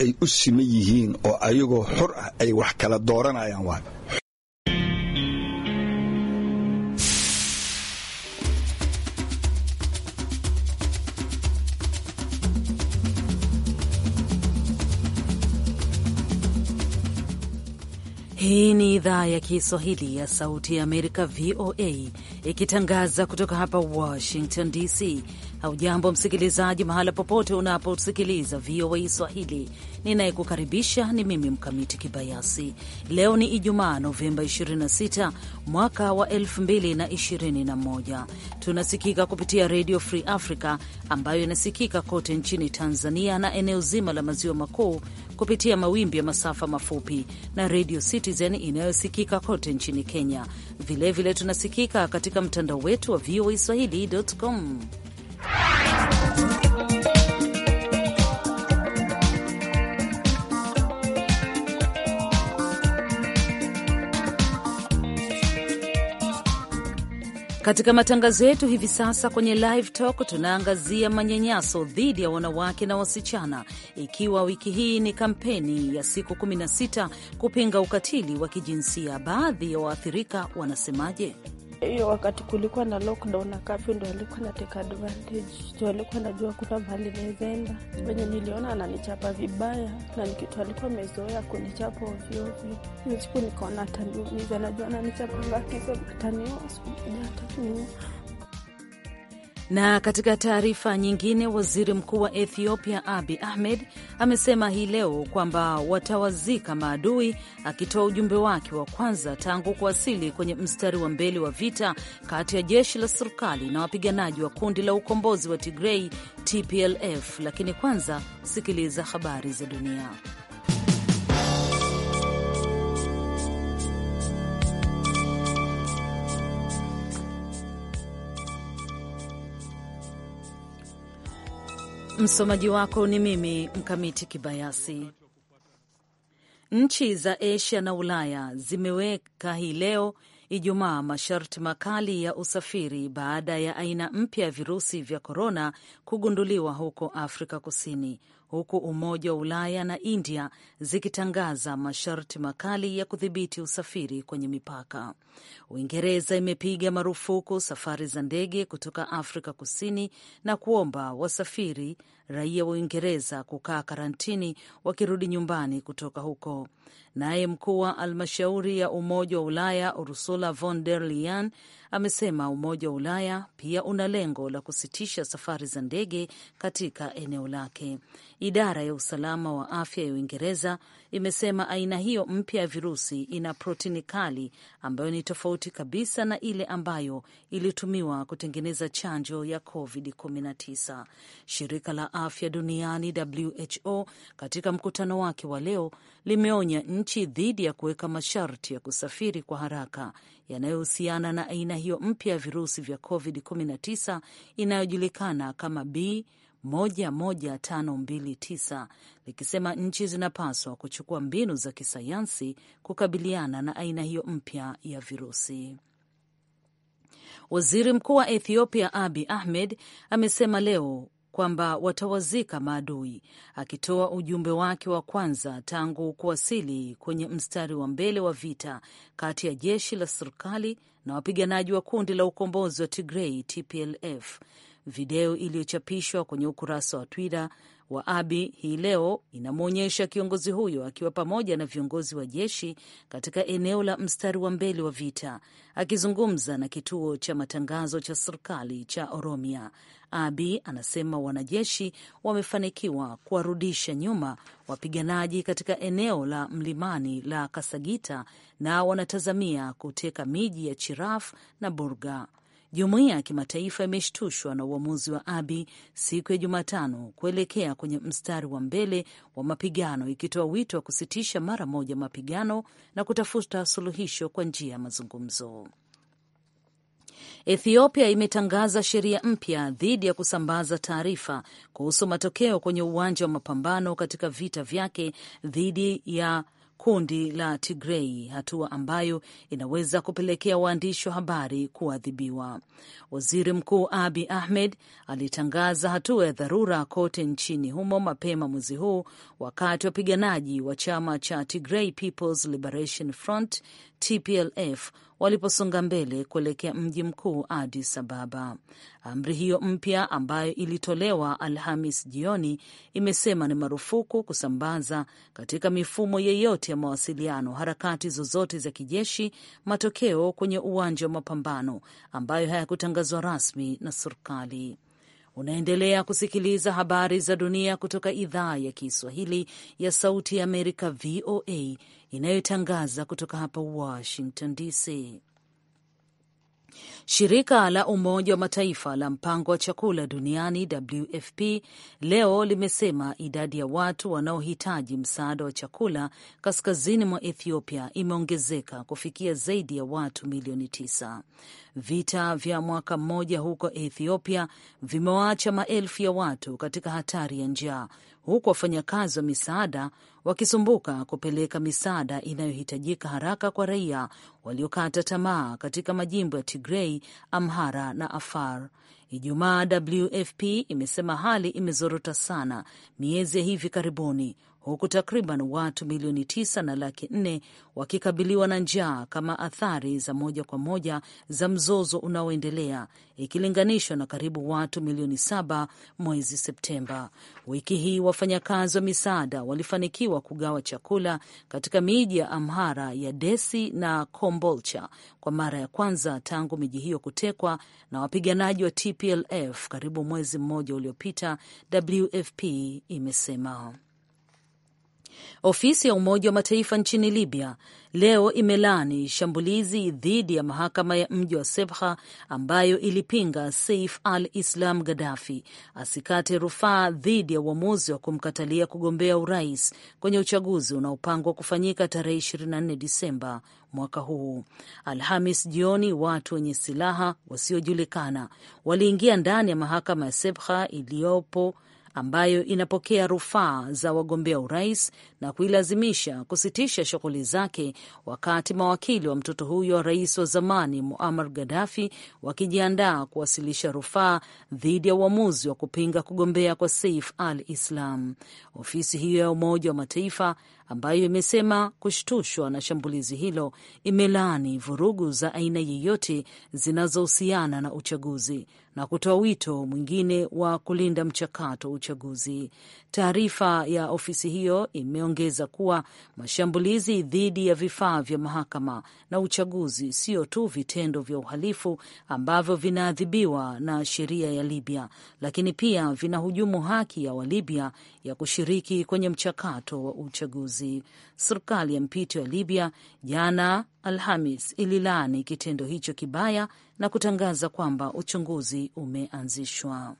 ay u siman yihiin oo ayagoo xor ah ay wax kala dooranayaan waay Hii ni idhaa ya Kiswahili ya Sauti ya Amerika, VOA, ikitangaza kutoka hapa Washington DC. Haujambo msikilizaji, mahala popote unaposikiliza VOA Swahili. Ninayekukaribisha ni mimi Mkamiti Kibayasi. Leo ni Ijumaa, Novemba 26 mwaka wa 2021. Tunasikika kupitia Radio Free Africa ambayo inasikika kote nchini Tanzania na eneo zima la maziwa makuu kupitia mawimbi ya masafa mafupi na Radio Citizen inayosikika kote nchini Kenya. Vilevile vile tunasikika katika mtandao wetu wa VOA swahili.com. Katika matangazo yetu hivi sasa kwenye live talk tunaangazia manyanyaso dhidi ya wanawake na wasichana, ikiwa wiki hii ni kampeni ya siku 16 kupinga ukatili wa kijinsia. Baadhi ya waathirika wanasemaje? hiyo wakati kulikuwa na lockdown na kafyu, ndo alikuwa na take advantage, ndo alikuwa najua kuna mahali nawezaenda. Venye niliona ananichapa vibaya, na nikitu alikuwa amezoea kunichapa ovyoovyo. Siku nikaona ataniumiza, najua ananichapa ngakiza ataniua siku na katika taarifa nyingine, waziri mkuu wa Ethiopia Abi Ahmed amesema hii leo kwamba watawazika maadui, akitoa ujumbe wake wa kwanza tangu kuwasili kwenye mstari wa mbele wa vita kati ya jeshi la serikali na wapiganaji wa kundi la ukombozi wa Tigrei TPLF. Lakini kwanza sikiliza habari za dunia. Msomaji wako ni mimi Mkamiti Kibayasi. Nchi za Asia na Ulaya zimeweka hii leo Ijumaa masharti makali ya usafiri baada ya aina mpya ya virusi vya korona kugunduliwa huko Afrika Kusini, huku Umoja wa Ulaya na India zikitangaza masharti makali ya kudhibiti usafiri kwenye mipaka. Uingereza imepiga marufuku safari za ndege kutoka Afrika Kusini na kuomba wasafiri raia wa Uingereza kukaa karantini wakirudi nyumbani kutoka huko. Naye mkuu wa almashauri ya Umoja wa Ulaya Ursula von der Leyen amesema Umoja wa Ulaya pia una lengo la kusitisha safari za ndege katika eneo lake. Idara ya usalama wa afya ya Uingereza imesema aina hiyo mpya ya virusi ina protini kali ambayo ni tofauti kabisa na ile ambayo ilitumiwa kutengeneza chanjo ya COVID-19. Shirika la afya duniani WHO katika mkutano wake wa leo limeonya nchi dhidi ya kuweka masharti ya kusafiri kwa haraka yanayohusiana na aina hiyo mpya ya virusi vya COVID-19 inayojulikana kama B 11529 likisema nchi zinapaswa kuchukua mbinu za kisayansi kukabiliana na aina hiyo mpya ya virusi. Waziri Mkuu wa Ethiopia Abi Ahmed amesema leo kwamba watawazika maadui, akitoa ujumbe wake wa kwanza tangu kuwasili kwenye mstari wa mbele wa vita kati ya jeshi la serikali na wapiganaji wa kundi la ukombozi wa Tigrei TPLF. Video iliyochapishwa kwenye ukurasa wa Twitter wa Abi hii leo inamwonyesha kiongozi huyo akiwa pamoja na viongozi wa jeshi katika eneo la mstari wa mbele wa vita. Akizungumza na kituo cha matangazo cha serikali cha Oromia, abi anasema wanajeshi wamefanikiwa kuwarudisha nyuma wapiganaji katika eneo la mlimani la Kasagita na wanatazamia kuteka miji ya Chiraf na Burga. Jumuiya ya kimataifa imeshtushwa na uamuzi wa abi siku ya Jumatano kuelekea kwenye mstari wa mbele wa mapigano, ikitoa wito wa kusitisha mara moja mapigano na kutafuta suluhisho kwa njia ya mazungumzo. Ethiopia imetangaza sheria mpya dhidi ya kusambaza taarifa kuhusu matokeo kwenye uwanja wa mapambano katika vita vyake dhidi ya kundi la Tigrei, hatua ambayo inaweza kupelekea waandishi wa habari kuadhibiwa. Waziri Mkuu Abi Ahmed alitangaza hatua ya dharura kote nchini humo mapema mwezi huu, wakati wapiganaji wa chama cha Tigrei People's Liberation Front TPLF waliposonga mbele kuelekea mji mkuu Addis Ababa. Amri hiyo mpya ambayo ilitolewa Alhamis jioni imesema ni marufuku kusambaza katika mifumo yeyote ya mawasiliano, harakati zozote za kijeshi, matokeo kwenye uwanja wa mapambano ambayo hayakutangazwa rasmi na serikali. Unaendelea kusikiliza habari za dunia kutoka idhaa ya Kiswahili ya Sauti ya Amerika, VOA, inayotangaza kutoka hapa Washington DC. Shirika la Umoja wa Mataifa la Mpango wa Chakula Duniani, WFP, leo limesema idadi ya watu wanaohitaji msaada wa chakula kaskazini mwa Ethiopia imeongezeka kufikia zaidi ya watu milioni tisa. Vita vya mwaka mmoja huko Ethiopia vimewaacha maelfu ya watu katika hatari ya njaa, huku wafanyakazi wa misaada wakisumbuka kupeleka misaada inayohitajika haraka kwa raia waliokata tamaa katika majimbo ya Tigrei, Amhara na Afar. Ijumaa, WFP imesema hali imezorota sana miezi ya hivi karibuni huku takriban watu milioni tisa na laki nne wakikabiliwa na njaa kama athari za moja kwa moja za mzozo unaoendelea ikilinganishwa na karibu watu milioni saba mwezi Septemba. Wiki hii wafanyakazi wa misaada walifanikiwa kugawa chakula katika miji ya Amhara ya Desi na Kombolcha kwa mara ya kwanza tangu miji hiyo kutekwa na wapiganaji wa TPLF karibu mwezi mmoja uliopita, WFP imesema. Ofisi ya Umoja wa Mataifa nchini Libya leo imelaani shambulizi dhidi ya mahakama ya mji wa Sebha ambayo ilipinga Saif al-Islam Gaddafi asikate rufaa dhidi ya uamuzi wa kumkatalia kugombea urais kwenye uchaguzi unaopangwa kufanyika tarehe 24 Disemba mwaka huu. Alhamis jioni, watu wenye silaha wasiojulikana waliingia ndani ya mahakama ya Sebha iliyopo ambayo inapokea rufaa za wagombea urais na kuilazimisha kusitisha shughuli zake wakati mawakili wa mtoto huyo wa rais wa zamani Muammar Gaddafi wakijiandaa kuwasilisha rufaa dhidi ya uamuzi wa kupinga kugombea kwa Saif al-Islam. Ofisi hiyo ya Umoja wa Mataifa ambayo imesema kushtushwa na shambulizi hilo imelaani vurugu za aina yeyote zinazohusiana na uchaguzi na kutoa wito mwingine wa kulinda mchakato wa uchaguzi. Taarifa ya ofisi hiyo imeongeza kuongeza kuwa mashambulizi dhidi ya vifaa vya mahakama na uchaguzi sio tu vitendo vya uhalifu ambavyo vinaadhibiwa na sheria ya Libya, lakini pia vinahujumu haki ya Walibya ya kushiriki kwenye mchakato wa uchaguzi. Serikali ya mpito ya Libya jana Alhamis ililaani kitendo hicho kibaya na kutangaza kwamba uchunguzi umeanzishwa.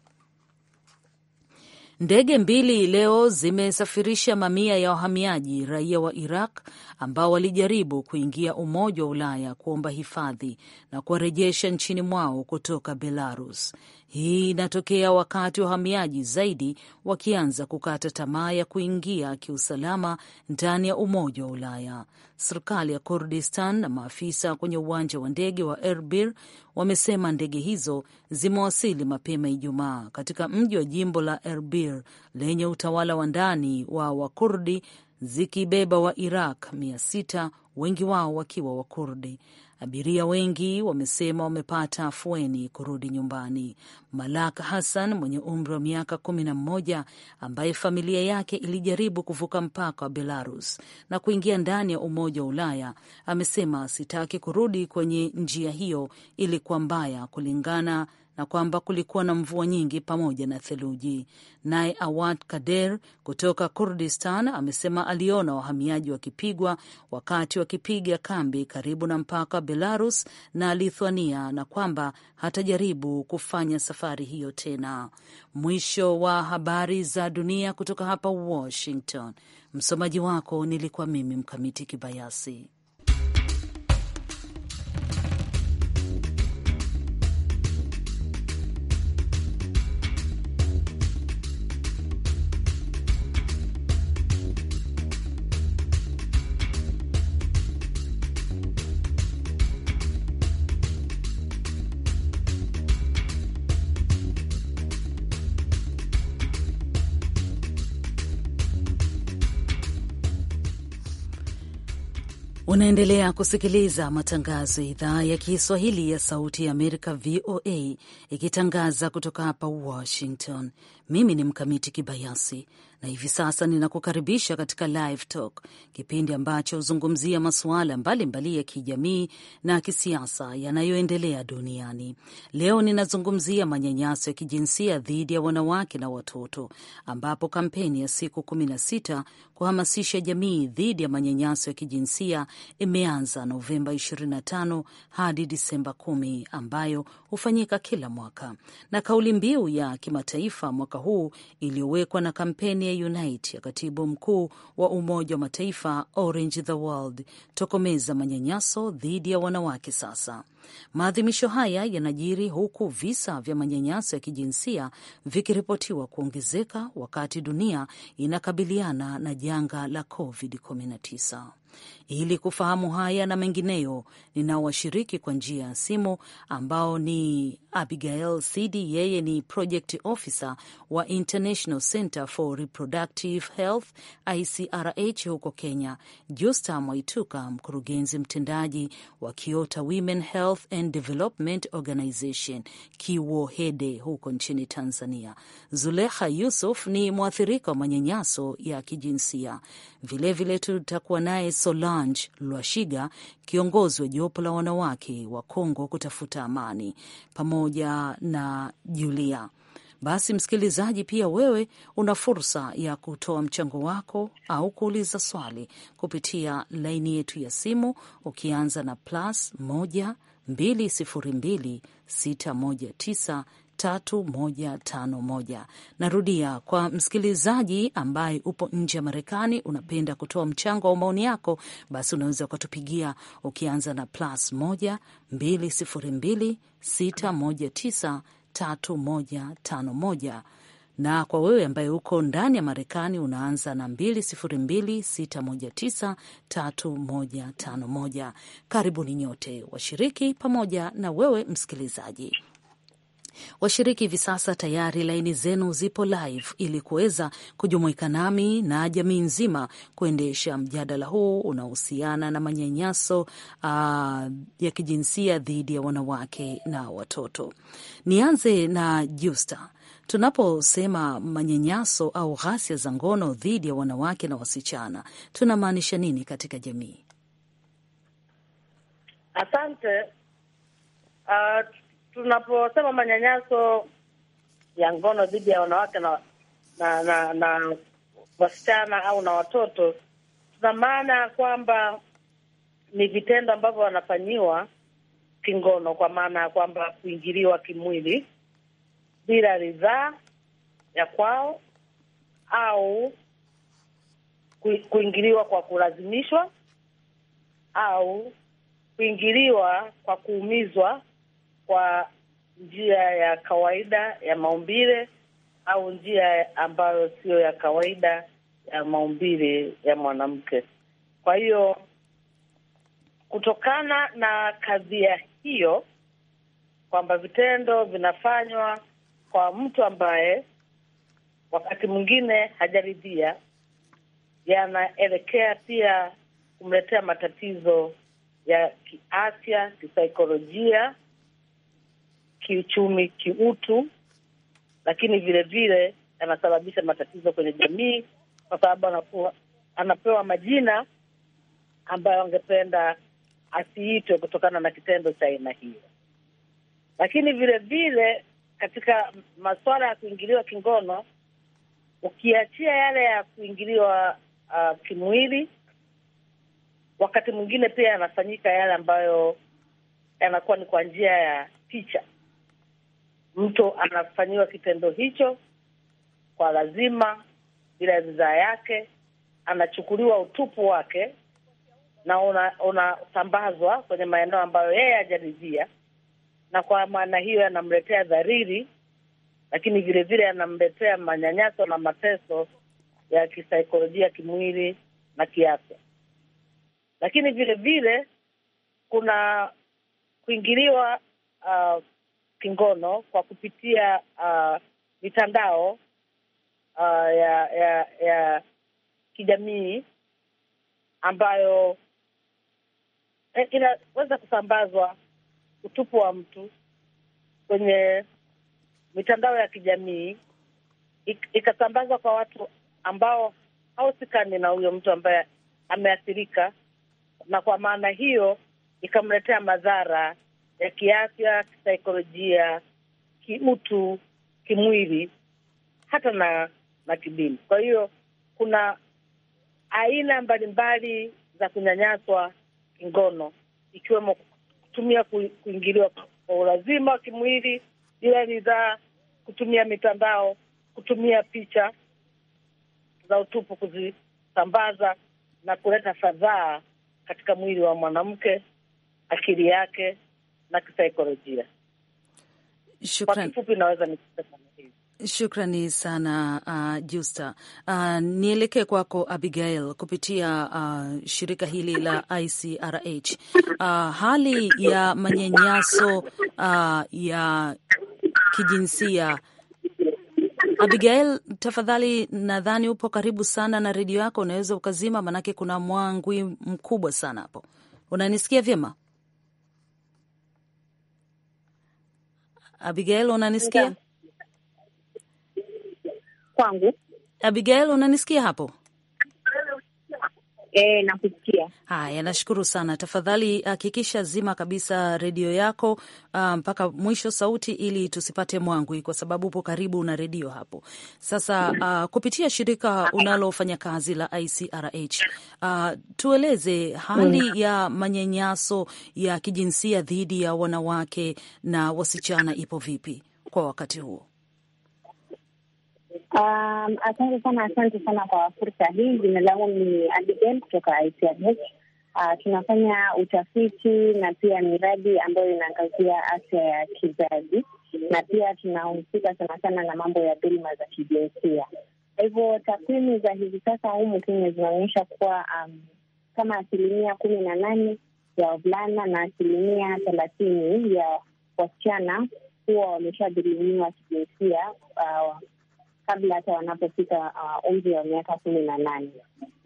Ndege mbili leo zimesafirisha mamia ya wahamiaji raia wa Iraq ambao walijaribu kuingia Umoja wa Ulaya kuomba hifadhi na kuwarejesha nchini mwao kutoka Belarus. Hii inatokea wakati wahamiaji zaidi wakianza kukata tamaa ya kuingia kiusalama ndani ya Umoja wa Ulaya. Serikali ya Kurdistan na maafisa kwenye uwanja wa ndege wa Erbil wamesema ndege hizo zimewasili mapema Ijumaa katika mji wa jimbo la Erbil lenye utawala wa ndani wa Wakurdi, zikibeba wa Iraq mia sita, wengi wao wakiwa Wakurdi. Abiria wengi wamesema wamepata afueni kurudi nyumbani. Malak Hassan mwenye umri wa miaka kumi na mmoja ambaye familia yake ilijaribu kuvuka mpaka wa Belarus na kuingia ndani ya Umoja wa Ulaya amesema, sitaki kurudi kwenye njia hiyo, ilikuwa mbaya kulingana na kwamba kulikuwa na mvua nyingi pamoja na theluji. Naye Awad Kader kutoka Kurdistan amesema aliona wahamiaji wakipigwa wakati wakipiga kambi karibu na mpaka Belarus na Lithuania na kwamba hatajaribu kufanya safari hiyo tena. Mwisho wa habari za dunia kutoka hapa Washington. Msomaji wako nilikuwa mimi Mkamiti Kibayasi. Unaendelea kusikiliza matangazo ya idhaa ya Kiswahili ya Sauti ya Amerika, VOA, ikitangaza kutoka hapa Washington. Mimi ni Mkamiti Kibayasi na hivi sasa ninakukaribisha katika Live Talk, kipindi ambacho huzungumzia masuala mbalimbali ya kijamii na kisiasa yanayoendelea duniani. Leo ninazungumzia manyanyaso ya kijinsia dhidi ya wanawake na watoto, ambapo kampeni ya siku sita kuhamasisha jamii dhidi ya manyanyaso ya kijinsia imeanza Novemba 25 hadi Disemba 10, ambayo hufanyika kila mwaka na kauli mbiu ya kimataifa mwaka mwaka huu iliyowekwa na kampeni ya Unite ya katibu mkuu wa Umoja wa Mataifa Orange the World, tokomeza manyanyaso dhidi ya wanawake sasa. Maadhimisho haya yanajiri huku visa vya manyanyaso ya kijinsia vikiripotiwa kuongezeka wakati dunia inakabiliana na janga la COVID-19. Ili kufahamu haya na mengineyo, ninaowashiriki kwa njia ya simu ambao ni Abigail cidi yeye ni project officer wa International Center for Reproductive Health ICRH huko Kenya, Justa Mwaituka, mkurugenzi mtendaji wa Kiota Women Health and Development Organization Kiwohede huko nchini Tanzania. Zulekha Yusuf ni mwathirika wa manyanyaso ya kijinsia vilevile, tutakuwa naye Sola Solange Lwashiga, kiongozi wa jopo la wanawake wa Kongo kutafuta amani, pamoja na Julia. Basi msikilizaji, pia wewe una fursa ya kutoa mchango wako au kuuliza swali kupitia laini yetu ya simu ukianza na plus 1 202 619 3151. Narudia kwa msikilizaji ambaye upo nje ya Marekani, unapenda kutoa mchango au maoni yako, basi unaweza ukatupigia ukianza na plus 1 202 619 3151 na kwa wewe ambaye uko ndani ya Marekani unaanza na 2026193151. Karibuni nyote washiriki pamoja na wewe msikilizaji. Washiriki, hivi sasa tayari laini zenu zipo live ili kuweza kujumuika nami na jamii nzima kuendesha mjadala huu unaohusiana na manyanyaso uh, ya kijinsia dhidi ya wanawake na watoto. Nianze na Justa. Tunaposema manyanyaso au ghasia za ngono dhidi ya wanawake na wasichana tunamaanisha nini katika jamii? Asante. Uh, tunaposema manyanyaso ya ngono dhidi ya wanawake na na, na na wasichana au na watoto, tuna maana kwamba ni vitendo ambavyo wanafanyiwa kingono, kwa maana ya kwamba kuingiliwa kimwili bila ridhaa ya kwao au kuingiliwa kwa kulazimishwa au kuingiliwa kwa kuumizwa kwa njia ya kawaida ya maumbile au njia ambayo siyo ya kawaida ya maumbile ya mwanamke. Kwa hiyo kutokana na kadhia hiyo kwamba vitendo vinafanywa kwa mtu ambaye wakati mwingine hajaridhia, yanaelekea pia kumletea matatizo ya kiafya, kisaikolojia kiuchumi, kiutu, lakini vile vile anasababisha matatizo kwenye jamii, kwa sababu anakuwa anapewa majina ambayo angependa asiitwe kutokana na kitendo cha aina hiyo. Lakini vile vile katika masuala ya kuingiliwa kingono, ukiachia yale ya kuingiliwa uh, kimwili, wakati mwingine pia yanafanyika yale ambayo yanakuwa ni kwa njia ya picha, mtu anafanyiwa kitendo hicho kwa lazima, bila ridhaa yake, anachukuliwa utupu wake na unasambazwa una kwenye maeneo ambayo yeye hajaridhia, na kwa maana hiyo yanamletea dhariri, lakini vilevile yanamletea manyanyaso na mateso ya kisaikolojia, kimwili na kiafya. Lakini vilevile kuna kuingiliwa uh, kingono kwa kupitia uh, mitandao uh, ya, ya ya kijamii ambayo eh, inaweza kusambazwa utupu wa mtu kwenye mitandao ya kijamii ik, ikasambazwa kwa watu ambao hausikani na huyo mtu ambaye ameathirika, na kwa maana hiyo ikamletea madhara ya kiafya, kisaikolojia, kiutu, kimwili, hata na na kidini. Kwa hiyo kuna aina mbalimbali za kunyanyaswa kingono, ikiwemo kutumia kuingiliwa kwa ulazima wa kimwili bila ridhaa, kutumia mitandao, kutumia picha za utupu kuzisambaza na kuleta fadhaa katika mwili wa mwanamke, akili yake, na kisaikolojia. Kwa kifupi naweza nikisema Shukrani sana uh, Justa. Uh, nielekee kwako Abigail, kupitia uh, shirika hili la ICRH. Uh, hali ya manyanyaso uh, ya kijinsia Abigail, tafadhali, nadhani upo karibu sana na redio yako, unaweza ukazima, maanake kuna mwangwi mkubwa sana hapo. Unanisikia vyema? Abigail, unanisikia? Kwangu. Abigail, unanisikia hapo? E, nakusikia. Haya, nashukuru sana. Tafadhali uh, hakikisha zima kabisa redio yako uh, mpaka um, mwisho sauti, ili tusipate mwangwi, kwa sababu upo karibu na redio hapo. Sasa uh, kupitia shirika unalofanya kazi la ICRH, uh, tueleze hali mm. ya manyanyaso ya kijinsia dhidi ya wanawake na wasichana ipo vipi kwa wakati huo? Um, asante sana, asante sana kwa fursa hii. Jina langu ni Abigail kutoka ICRH. Uh, tunafanya utafiti na pia miradi ambayo inaangazia afya ya kizazi na pia tunahusika sana sana na mambo ya dhuluma za kijinsia. Kwa hivyo takwimu za hivi sasa humu Kenya zinaonyesha kuwa um, kama asilimia kumi na nane ya wavulana na asilimia thelathini ya wasichana huwa wameshadhulumiwa kijinsia uh, kabla hata wanapofika uh, umri uh, wa miaka kumi na nane.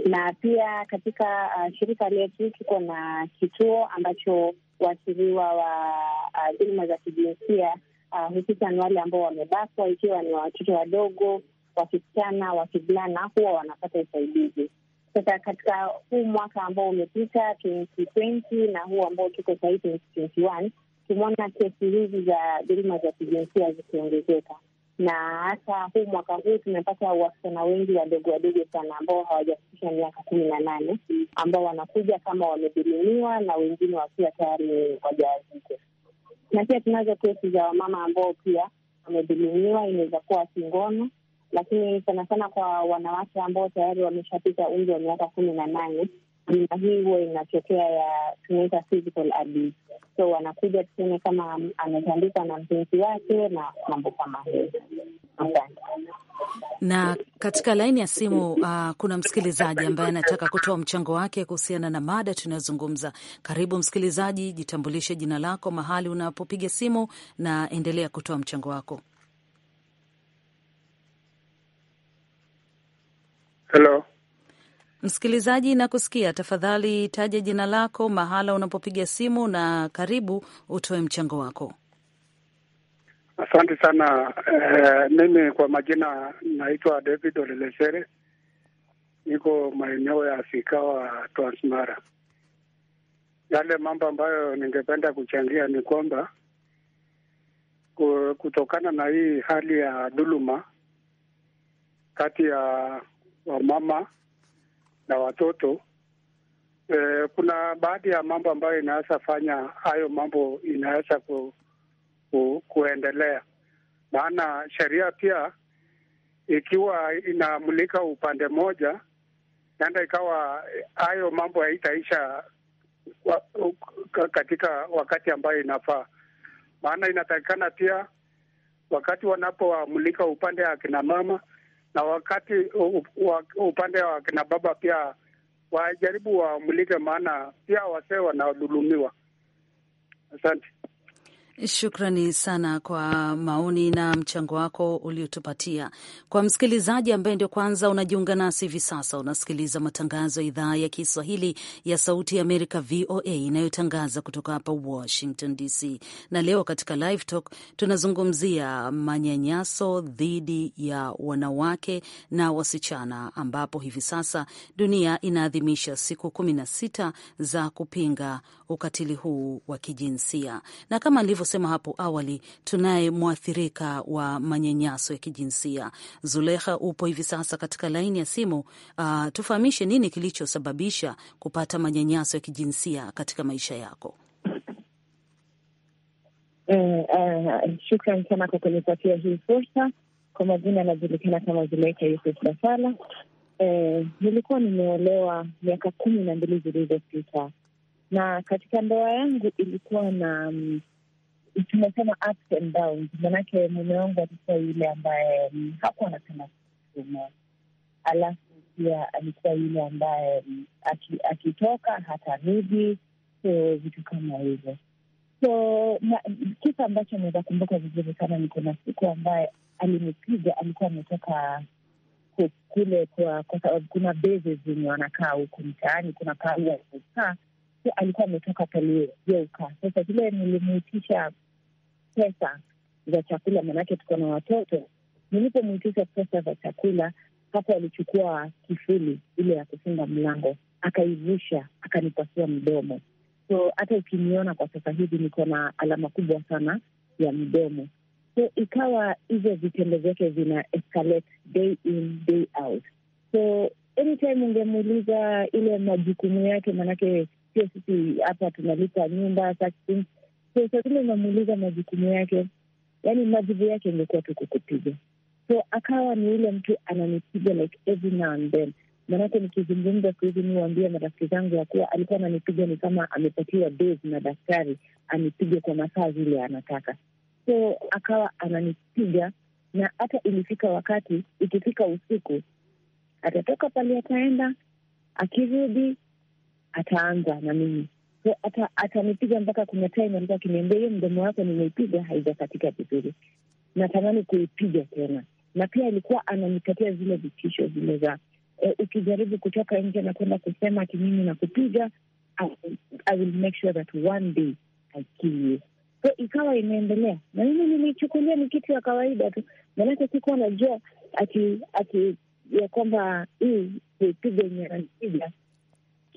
Na pia katika uh, shirika letu tuko na kituo ambacho waathiriwa wa uh, dhuluma uh, za kijinsia uh, hususan wale ambao wamebakwa, ikiwa ni watoto wadogo, wakisichana wakivulana, huwa wanapata usaidizi. Sasa katika huu mwaka ambao umepita 2020 na huu ambao tuko sahii 2021 tumeona kesi hizi za dhuluma za kijinsia zikiongezeka na hata huu mwaka huu tumepata wasichana wengi wadogo wadogo sana ambao hawajafikisha miaka kumi na nane ambao wanakuja kama wamedhulumiwa na wengine wakiwa tayari wajawazito, na pia tunazo kesi za wamama ambao pia wamedhulumiwa, inaweza kuwa kingono, lakini sana sana kwa wanawake ambao tayari wameshapita umri wa miaka kumi na nane jina hii huwa inatokea ya tunaita physical abuse, so wanakuja tuseme kama ametandikwa na mpenzi wake na mambo kama hiyo. Na katika laini ya simu uh, kuna msikilizaji ambaye anataka kutoa mchango wake kuhusiana na mada tunayozungumza. Karibu msikilizaji, jitambulishe jina lako, mahali unapopiga simu na endelea kutoa mchango wako. Hello. Msikilizaji na kusikia, tafadhali taja jina lako, mahala unapopiga simu, na karibu utoe mchango wako. Asante sana. E, mimi kwa majina naitwa David Olelesere, niko maeneo ya Sikawa, Transmara. Yale mambo ambayo ningependa kuchangia ni kwamba kutokana na hii hali ya dhuluma kati ya wamama na watoto e, kuna baadhi ya mambo ambayo inaweza fanya hayo mambo inaweza ku, ku, kuendelea, maana sheria pia ikiwa inamulika upande mmoja, naenda ikawa hayo mambo haitaisha katika wakati ambayo inafaa, maana inatakikana pia wakati wanapoamulika upande wa kina mama na wakati upande wa kina baba pia wajaribu wamulike, maana pia wasee wanadhulumiwa. Asante. Shukrani sana kwa maoni na mchango wako uliotupatia. Kwa msikilizaji ambaye ndio kwanza unajiunga nasi hivi sasa, unasikiliza matangazo ya idhaa ya Kiswahili ya Sauti ya Amerika, VOA, inayotangaza kutoka hapa Washington DC. Na leo katika Live Talk tunazungumzia manyanyaso dhidi ya wanawake na wasichana, ambapo hivi sasa dunia inaadhimisha siku kumi na sita za kupinga ukatili huu wa kijinsia. Na kama nilivyosema hapo awali, tunaye mwathirika wa manyanyaso ya kijinsia. Zulekha, upo hivi sasa katika laini ya simu. Uh, tufahamishe nini kilichosababisha kupata manyanyaso ya kijinsia katika maisha yako? Eh, eh, shukran sana kwa kunipatia hii fursa. Kwa majina anajulikana kama Zuleika Yusuf Nasala. Eh, nilikuwa nimeolewa miaka kumi na mbili zilizopita na katika ndoa yangu ilikuwa na um, mm, tumesema ups and downs, manake mume wangu alikuwa yule ambaye um, hakuwa anapenda kusoma, alafu pia alikuwa yule ambaye um, akitoka aki rudi so vitu kama hivyo. So kisa ambacho naweza kumbuka vizuri sana ni kuna siku ambaye alinipiga, alikuwa ametoka kule kwa, kwa sababu kuna bezi zenye wanakaa huku mtaani, kuna pahali walikaa alikuwa ametoka paliyeuka. Sasa vile nilimuitisha pesa za chakula, maanake tuko na watoto, nilipomuitisha pesa za chakula, hapo alichukua kifuli ile ya kufunga mlango, akaivusha, akanipasua mdomo. So hata ukiniona kwa sasa hivi niko na alama kubwa sana ya mdomo. So ikawa hivyo vitendo vyake vina escalate day in day out. So anytime ungemuuliza ile majukumu yake, maanake sio sisi hapa tunalipa nyumba. So saa zile unamuuliza majukumu yake, yani majibu yake ingekuwa tu kukupiga. So akawa ni yule mtu ananipiga like every now and then. Maanake nikizungumza siku hizi, niwaambia marafiki zangu ya kuwa alikuwa ananipiga ni kama amepatiwa dozi na daktari, anipige kwa masaa zile anataka. So akawa ananipiga, na hata ilifika wakati, ikifika usiku atatoka pale, ataenda akirudi ataanza na mimi so, ata- atanipiga mpaka kuna time alikuwa akiniambia hiyo mdomo wako nimeipiga haijakatika vizuri, natamani kuipiga tena. Na pia alikuwa ananipatia zile vitisho zile za e, ukijaribu kutoka nje na kwenda kusema kinyume na kupiga I, will make sure that one day I kill you. So ikawa imeendelea na mimi nilichukulia ni kitu ya kawaida tu, maanake sikuwa najua ati ati ya kwamba hii kuipiga enye ananipiga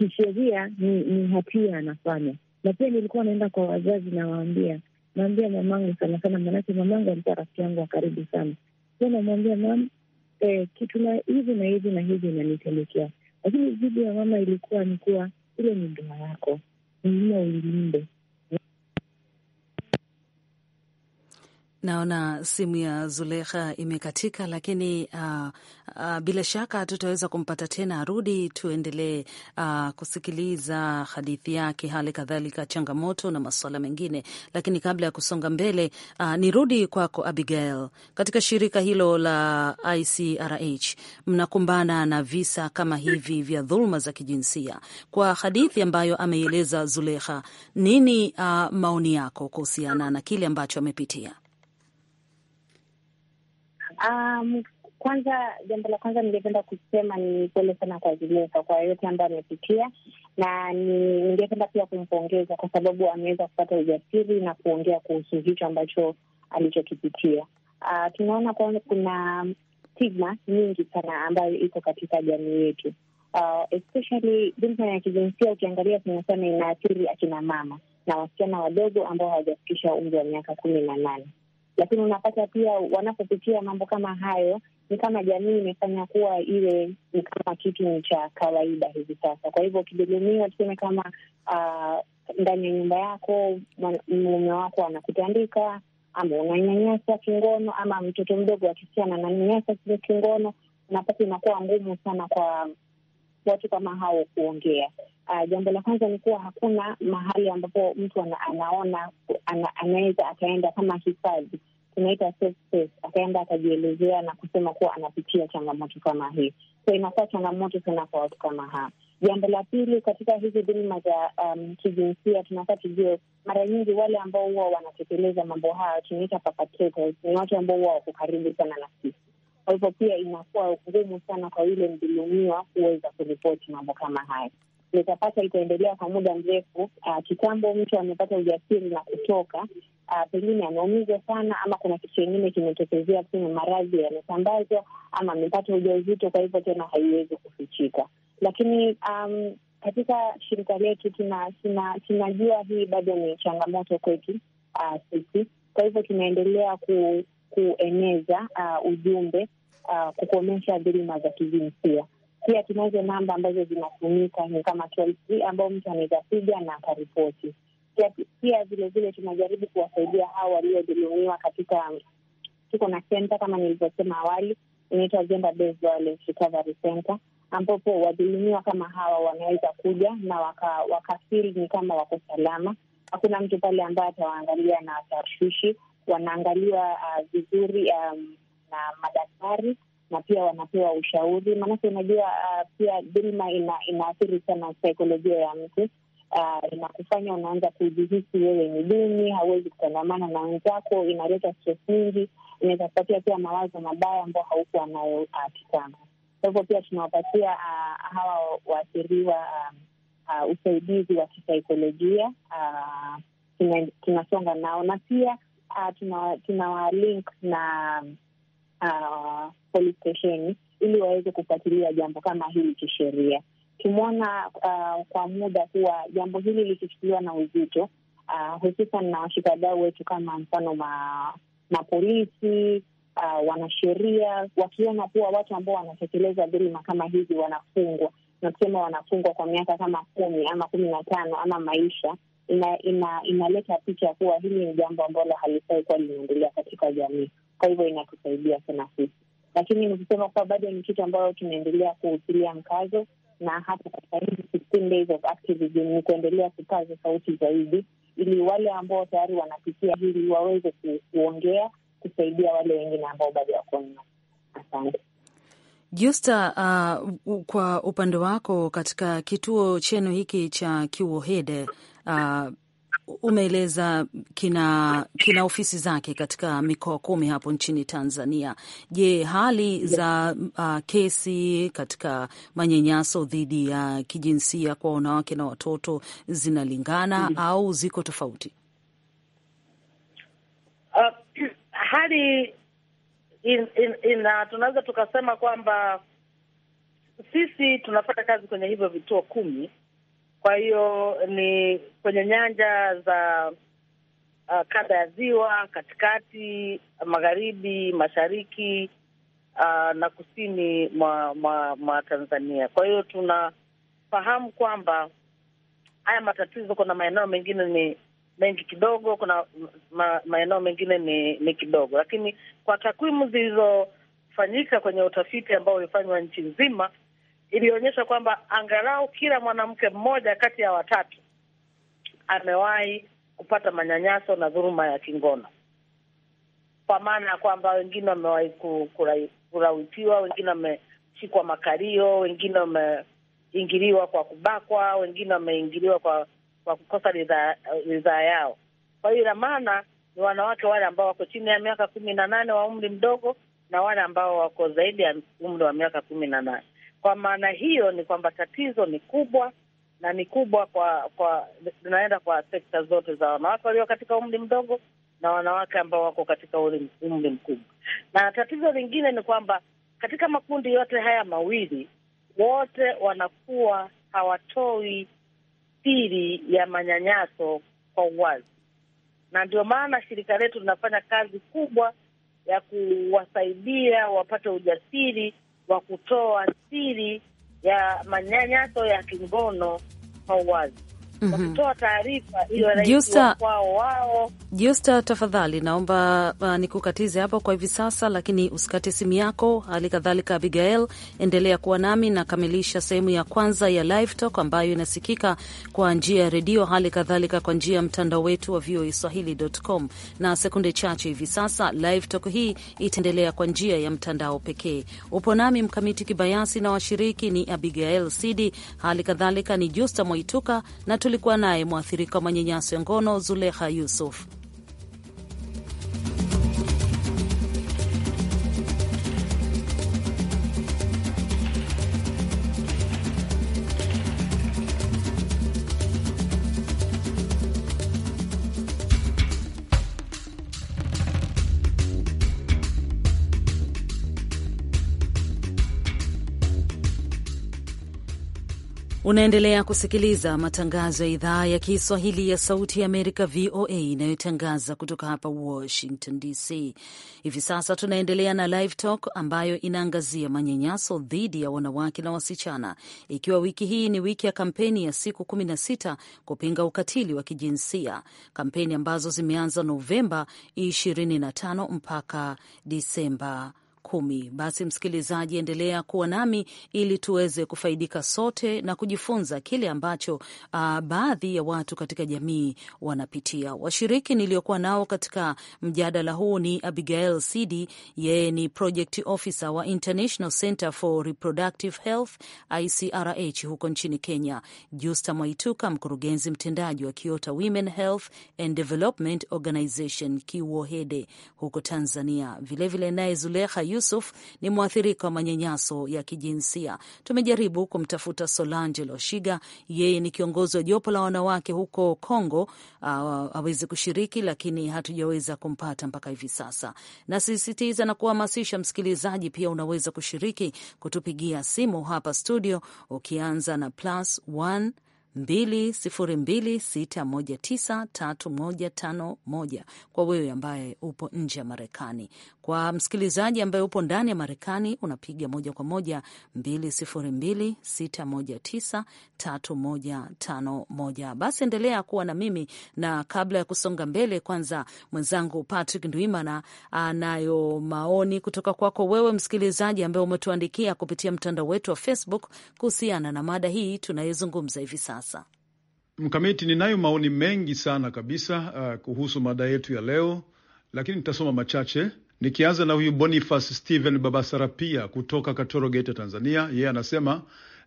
kisheria ni, ni hatia anafanya. Na pia nilikuwa naenda kwa wazazi nawaambia, naambia mamangu sana sana, maanake mamangu alikuwa rafiki yangu wa karibu sana, Pia namwambia mam, eh, kitu na hivi na hivi na hivi inanitelekea, lakini jibu ya mama ilikuwa ni kuwa ile ni ndoa yako, lazima uilinde Naona simu ya Zulekha imekatika, lakini uh, uh, bila shaka tutaweza kumpata tena, arudi tuendelee uh, kusikiliza hadithi yake, hali kadhalika changamoto na masuala mengine. Lakini kabla ya kusonga mbele, uh, nirudi kwako Abigail. Katika shirika hilo la ICRH mnakumbana na visa kama hivi vya dhuluma za kijinsia. Kwa hadithi ambayo ameieleza Zulekha, nini uh, maoni yako kuhusiana na kile ambacho amepitia? Um, kwanza jambo la kwanza ningependa kusema ni pole sana kwa Zuleika kwa yote ambayo amepitia, na ningependa pia kumpongeza kwa sababu ameweza kupata ujasiri na kuongea kuhusu hicho ambacho alichokipitia. Uh, tunaona kwanza kuna stigma nyingi sana ambayo iko katika jamii yetu, uh, especially dhulma ya kijinsia. Ukiangalia sana sana inaathiri akina mama na wasichana wadogo ambao hawajafikisha umri wa miaka kumi na nane. Lakini unapata pia wanapopitia mambo kama hayo, ni kama jamii imefanya kuwa ile ni kama kitu ni cha kawaida hivi sasa. Kwa hivyo ukitegemea tuseme kama ah, ndani ya nyumba yako mume wako anakutandika ama unanyanyasa kingono, ama mtoto mdogo wa kisichana ananyanyasa kingono, unapata inakuwa ngumu sana kwa watu kama hao kuongea. Uh, jambo la kwanza ni kuwa hakuna mahali ambapo mtu ana, anaona ana, anaweza akaenda kama hifadhi tunaita safe space, akaenda akajielezea na kusema kuwa anapitia changamoto kama hii. So inakuwa changamoto sana kwa watu kama haa. Jambo la pili, katika hizi dhuluma za um, kijinsia tunafaa tujue, mara nyingi wale ambao huwa wanatekeleza mambo haya tunaita perpetrators, ni watu ambao huwa wako karibu sana na sisi. Kwa hivyo pia inakuwa ngumu sana kwa yule mdhulumiwa kuweza kuripoti mambo kama haya. Nitapata itaendelea kwa muda mrefu. Uh, kitambo mtu amepata ujasiri na kutoka uh, pengine ameumizwa sana, ama kuna kitu kingine kimetokezea, kuna maradhi yamesambazwa, ama amepata ujauzito, kwa hivyo tena haiwezi kufichika. Lakini um, katika shirika letu tunajua hii bado ni changamoto kwetu uh, sisi. Kwa hivyo tunaendelea ku, kueneza uh, ujumbe uh, kukomesha dhuluma za kijinsia. Pia tunazo namba ambazo zinatumika ni kama ambao mtu anaweza piga na akaripoti pia vilevile tunajaribu kuwasaidia hao waliojeruhiwa katika, tuko na senta kama nilivyosema awali, inaitwa Gender Based Violence Recovery Center, ambapo wadhulumiwa kama hawa wanaweza kuja na wakafil waka ni kama wako salama, hakuna mtu pale ambaye atawaangalia na watashwishi, wanaangaliwa uh, vizuri um, na madaktari na pia wanapewa ushauri, maanake unajua uh, pia dhuluma inaathiri ina sana saikolojia ya mtu uh, inakufanya unaanza kujihisi wewe ni duni, hauwezi kutangamana na wenzako, inaleta stress nyingi, inaweza kupatia pia mawazo mabaya ambao haukuwa nayo ah, kitambo. Kwa hivyo pia tunawapatia uh, hawa waathiriwa uh, uh, usaidizi wa kisaikolojia uh, tunasonga nao na pia uh, tuna, na uh, ili waweze kufuatilia jambo kama hili kisheria tukimwona uh, kwa muda huwa jambo hili likichukuliwa na uzito uh, hususan na washikadau wetu kama mfano ma, mapolisi uh, wanasheria, wakiona kuwa watu ambao wanatekeleza dhuluma kama hizi wanafungwa na kusema wanafungwa kwa miaka kama kumi ama kumi na tano ama maisha, inaleta ina, ina picha ya kuwa hili ni jambo ambalo halifai kuwa linaendelea katika jamii. Kwa hivyo inatusaidia sana sisi, lakini nikisema kuwa bado ni kitu ambayo tunaendelea kuutilia mkazo na hata katika hizi days of activism ni kuendelea kupaza sauti zaidi, ili wale ambao tayari wanapitia hili waweze kuongea, kusaidia wale wengine ambao bado wako nyuma. Asante. Justa, uh, kwa upande wako katika kituo chenu hiki cha Kiwohede, uh, umeeleza kina, kina ofisi zake katika mikoa kumi hapo nchini Tanzania. Je, hali za uh, kesi katika manyanyaso dhidi ya uh, kijinsia kwa wanawake na watoto zinalingana mm -hmm. au ziko tofauti? Uh, hali in, in, in, uh, tunaweza tukasema kwamba sisi tunafanya kazi kwenye hivyo vituo kumi kwa hiyo ni kwenye nyanja za uh, kanda ya ziwa, katikati, magharibi, mashariki uh, na kusini mwa, mwa, mwa Tanzania. Kwa hiyo tunafahamu kwamba haya matatizo, kuna maeneo mengine ni mengi kidogo, kuna ma, maeneo mengine ni, ni kidogo, lakini kwa takwimu zilizofanyika kwenye utafiti ambao ulifanywa nchi nzima ilionyesha kwamba angalau kila mwanamke mmoja kati ya watatu amewahi kupata manyanyaso na dhuluma ya kingono, kwa maana ya kwamba wengine wamewahi kulawitiwa, wengine wameshikwa makalio, wengine wameingiliwa kwa kubakwa, wengine wameingiliwa kwa kwa kukosa ridhaa yao. Kwa hiyo ina maana ni wanawake wale ambao wako chini ya miaka kumi na nane wa umri mdogo na wale ambao wako zaidi ya umri wa miaka kumi na nane. Kwa maana hiyo ni kwamba tatizo ni kubwa na ni kubwa kwa kwa linaenda kwa sekta zote za wanawake walio katika umri mdogo na wanawake ambao wako katika umri mkubwa. Na tatizo lingine ni kwamba katika makundi yote haya mawili, wote wanakuwa hawatoi siri ya manyanyaso kwa uwazi, na ndio maana shirika letu linafanya kazi kubwa ya kuwasaidia wapate ujasiri wa kutoa siri ya manyanyaso ya kingono kwa uwazi mm -hmm. wakitoa taarifa iliyorahisiwa kwao wao. Justa, tafadhali naomba uh, nikukatize hapo kwa hivi sasa, lakini usikate simu yako. Hali kadhalika Abigail, endelea kuwa nami nakamilisha sehemu ya kwanza ya Live Talk ambayo inasikika kwa njia ya redio, hali kadhalika kwa njia ya mtandao wetu wa VOA Swahili.com, na sekunde chache hivi sasa Live Talk hii itaendelea kwa njia ya mtandao pekee. Upo nami Mkamiti Kibayasi na washiriki ni Abigail Sidi, hali kadhalika ni Justa Mwaituka na tulikuwa naye mwathirika wa manyanyaso ya ngono zuleha Yusuf. Unaendelea kusikiliza matangazo ya idhaa ya Kiswahili ya Sauti ya Amerika, VOA, inayotangaza kutoka hapa Washington DC. Hivi sasa tunaendelea na Live Talk ambayo inaangazia manyanyaso dhidi ya wanawake na wasichana, ikiwa wiki hii ni wiki ya kampeni ya siku 16 kupinga ukatili wa kijinsia, kampeni ambazo zimeanza Novemba 25 mpaka Disemba kumi. Basi msikilizaji, endelea kuwa nami ili tuweze kufaidika sote na kujifunza kile ambacho uh, baadhi ya watu katika jamii wanapitia. Washiriki niliokuwa nao katika mjadala huu ni Abigail Sidi, yeye ni project officer wa International Center for Reproductive Health ICRH huko nchini Kenya, Justa Mwaituka, mkurugenzi mtendaji wa Kiota Women Health and Development Organization KIWOHEDE huko Tanzania, vilevile naye Zulekha Yusuf ni mwathirika wa manyanyaso ya kijinsia. Tumejaribu kumtafuta Solange Loshiga, yeye ni kiongozi wa jopo la wanawake huko Kongo, ah, aweze kushiriki, lakini hatujaweza kumpata mpaka hivi sasa. Nasisitiza na kuhamasisha msikilizaji, pia unaweza kushiriki kutupigia simu hapa studio, ukianza na plus 1 2026193151 kwa wewe ambaye upo nje ya Marekani. Kwa msikilizaji ambaye upo ndani ya Marekani, unapiga moja kwa moja 2026193151. Basi endelea kuwa na mimi, na kabla ya kusonga mbele, kwanza mwenzangu Patrick Ndwimana anayo maoni kutoka kwako wewe msikilizaji ambaye umetuandikia kupitia mtandao wetu wa Facebook kuhusiana na mada hii tunayezungumza hivi sasa. Mkamiti, ninayo maoni mengi sana kabisa uh, kuhusu mada yetu ya leo, lakini nitasoma machache. Nikianza na huyu Boniface Steven Babasarapia kutoka Katoro, Geita, Tanzania. Yeye anasema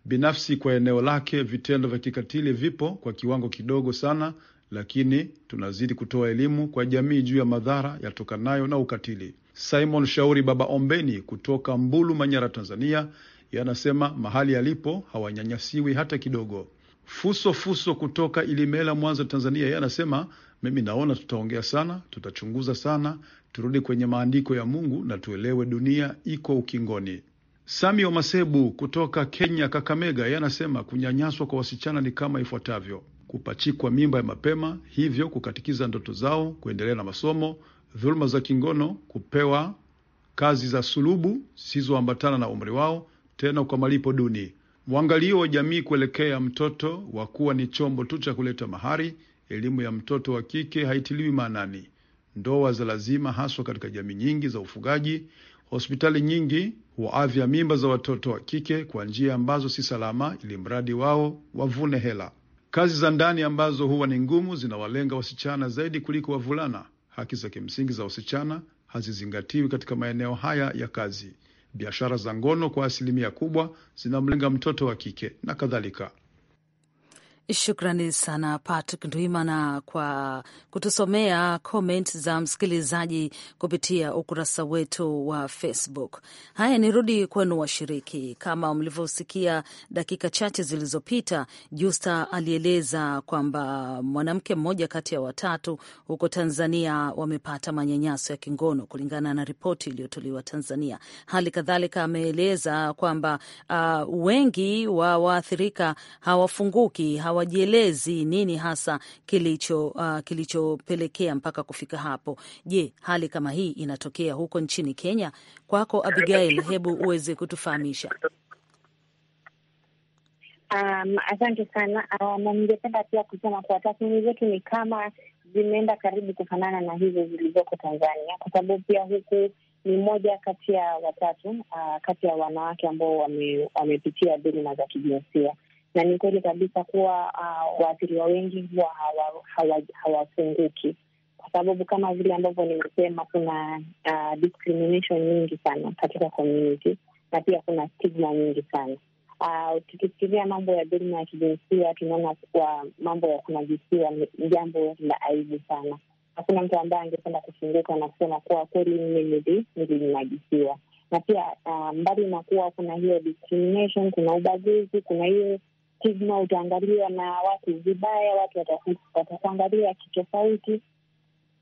binafsi, kwa eneo lake vitendo vya kikatili vipo kwa kiwango kidogo sana, lakini tunazidi kutoa elimu kwa jamii juu ya madhara yatokanayo na ukatili. Simon Shauri Baba Ombeni kutoka Mbulu, Manyara, Tanzania, yeye anasema mahali alipo hawanyanyasiwi hata kidogo. Fuso Fuso kutoka Ilimela, Mwanza, Tanzania, yeye anasema mimi naona tutaongea sana, tutachunguza sana turudi kwenye maandiko ya Mungu na tuelewe dunia iko ukingoni. Sami Omasebu kutoka Kenya, Kakamega, yanasema kunyanyaswa kwa wasichana ni kama ifuatavyo: kupachikwa mimba ya mapema, hivyo kukatikiza ndoto zao kuendelea na masomo, dhuluma za kingono, kupewa kazi za sulubu zisizoambatana na umri wao, tena kwa malipo duni. Mwangalio wa jamii kuelekea mtoto wa kuwa ni chombo tu cha kuleta mahari. Elimu ya mtoto wa kike haitiliwi maanani ndoa za lazima, haswa katika jamii nyingi za ufugaji. Hospitali nyingi huavya mimba za watoto wa kike kwa njia ambazo si salama, ili mradi wao wavune hela. Kazi za ndani ambazo huwa ni ngumu zinawalenga wasichana zaidi kuliko wavulana. Haki za kimsingi za wasichana hazizingatiwi katika maeneo haya ya kazi. Biashara za ngono kwa asilimia kubwa zinamlenga mtoto wa kike na kadhalika. Shukrani sana Patrick Ndwimana kwa kutusomea comment za msikilizaji kupitia ukurasa wetu wa Facebook. Haya, nirudi kwenu washiriki. Kama mlivyosikia dakika chache zilizopita, Justa alieleza kwamba mwanamke mmoja kati ya watatu huko Tanzania wamepata manyanyaso ya kingono kulingana na ripoti iliyotolewa Tanzania. Hali kadhalika ameeleza kwamba uh, wengi wa waathirika hawafunguki hawa hawajielezi nini hasa kilicho uh, kilichopelekea mpaka kufika hapo. Je, hali kama hii inatokea huko nchini Kenya? Kwako Abigail, hebu uweze kutufahamisha. Um, asante sana uh, na ningependa pia kusema kuwa tathmini zetu ni kama zimeenda karibu kufanana na hizo zilizoko Tanzania, kwa sababu pia huku ni moja kati ya watatu uh, kati ya wanawake ambao wamepitia wame dhuluma za kijinsia na ni kweli kabisa kuwa uh, waathiriwa wengi huwa hawafunguki hawa, kwa sababu kama vile ambavyo nimesema, kuna uh, discrimination nyingi sana katika community na pia kuna stigma nyingi sana uh, ah, tukifikiria mambo ya dhuluma ya kijinsia, tunaona kuwa mambo ya kunajisiwa ni jambo la aibu sana. Hakuna mtu ambaye angependa kufunguka na kusema kuwa kweli mimi nilinajisiwa, na pia uh, mbali na kuwa kuna hiyo discrimination, kuna ubaguzi, kuna hiyo stigma, utaangaliwa na watu vibaya, watu watakuangalia kitofauti.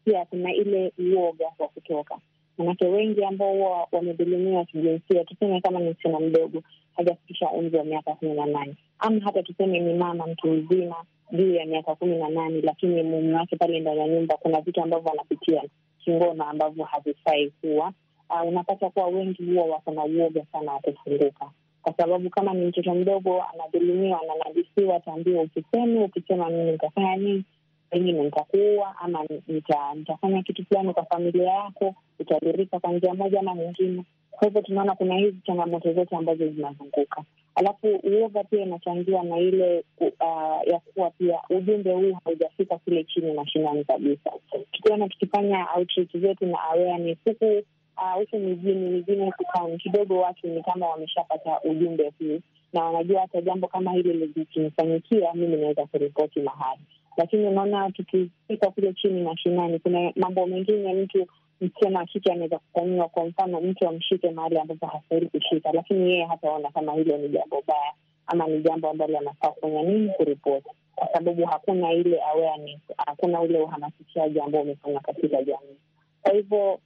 Pia kuna ile uoga wa kutoka, manake wengi ambao huwa wamedhulumiwa kijinsia, tuseme kama ni msichana mdogo hajafikisha umri wa miaka kumi na nane ama hata tuseme ni mama mtu mzima juu ya miaka kumi na nane lakini mume wake pale ndani ya nyumba, kuna vitu ambavyo wanapitia kingono ambavyo havifai kuwa. Uh, unapata kuwa wengi huwa wako na uoga sana wa kufunguka kwa sababu kama ni mtoto mdogo anadhulumiwa, ananajisiwa, ataambiwa ukisema ukisema mimi nitafanya nini, pengine nitakuua ama nita, nitafanya kitu fulani kwa familia yako, utadhirika kwa njia moja ama nyingine. Kwa hivyo tunaona kuna hizi changamoto zote ambazo zinazunguka, alafu uoga pia inachangiwa na ile uh, ya kuwa pia ujumbe huu haujafika kule chini mashinani kabisa. Tukiona tukifanya outreach zetu na awareness huku Ah, huku mijini mijini huku kidogo, watu ni kama wameshapata ujumbe huu na wanajua hata jambo kama hili likinifanyikia mimi naweza kuripoti mahali, lakini unaona, tukifika kule chini na shinani kuna mambo mengine mtu msichana wa kike anaweza kufanyiwa. Kwa mfano, mtu amshike mahali ambapo hastahili kushika, lakini yeye hataona kama hilo ni jambo baya ama ni jambo ambalo anafaa kufanya nini, kuripoti, kwa sababu hakuna ile awareness, hakuna ule uhamasishaji ambao umefanywa katika jamii. Kwa hivyo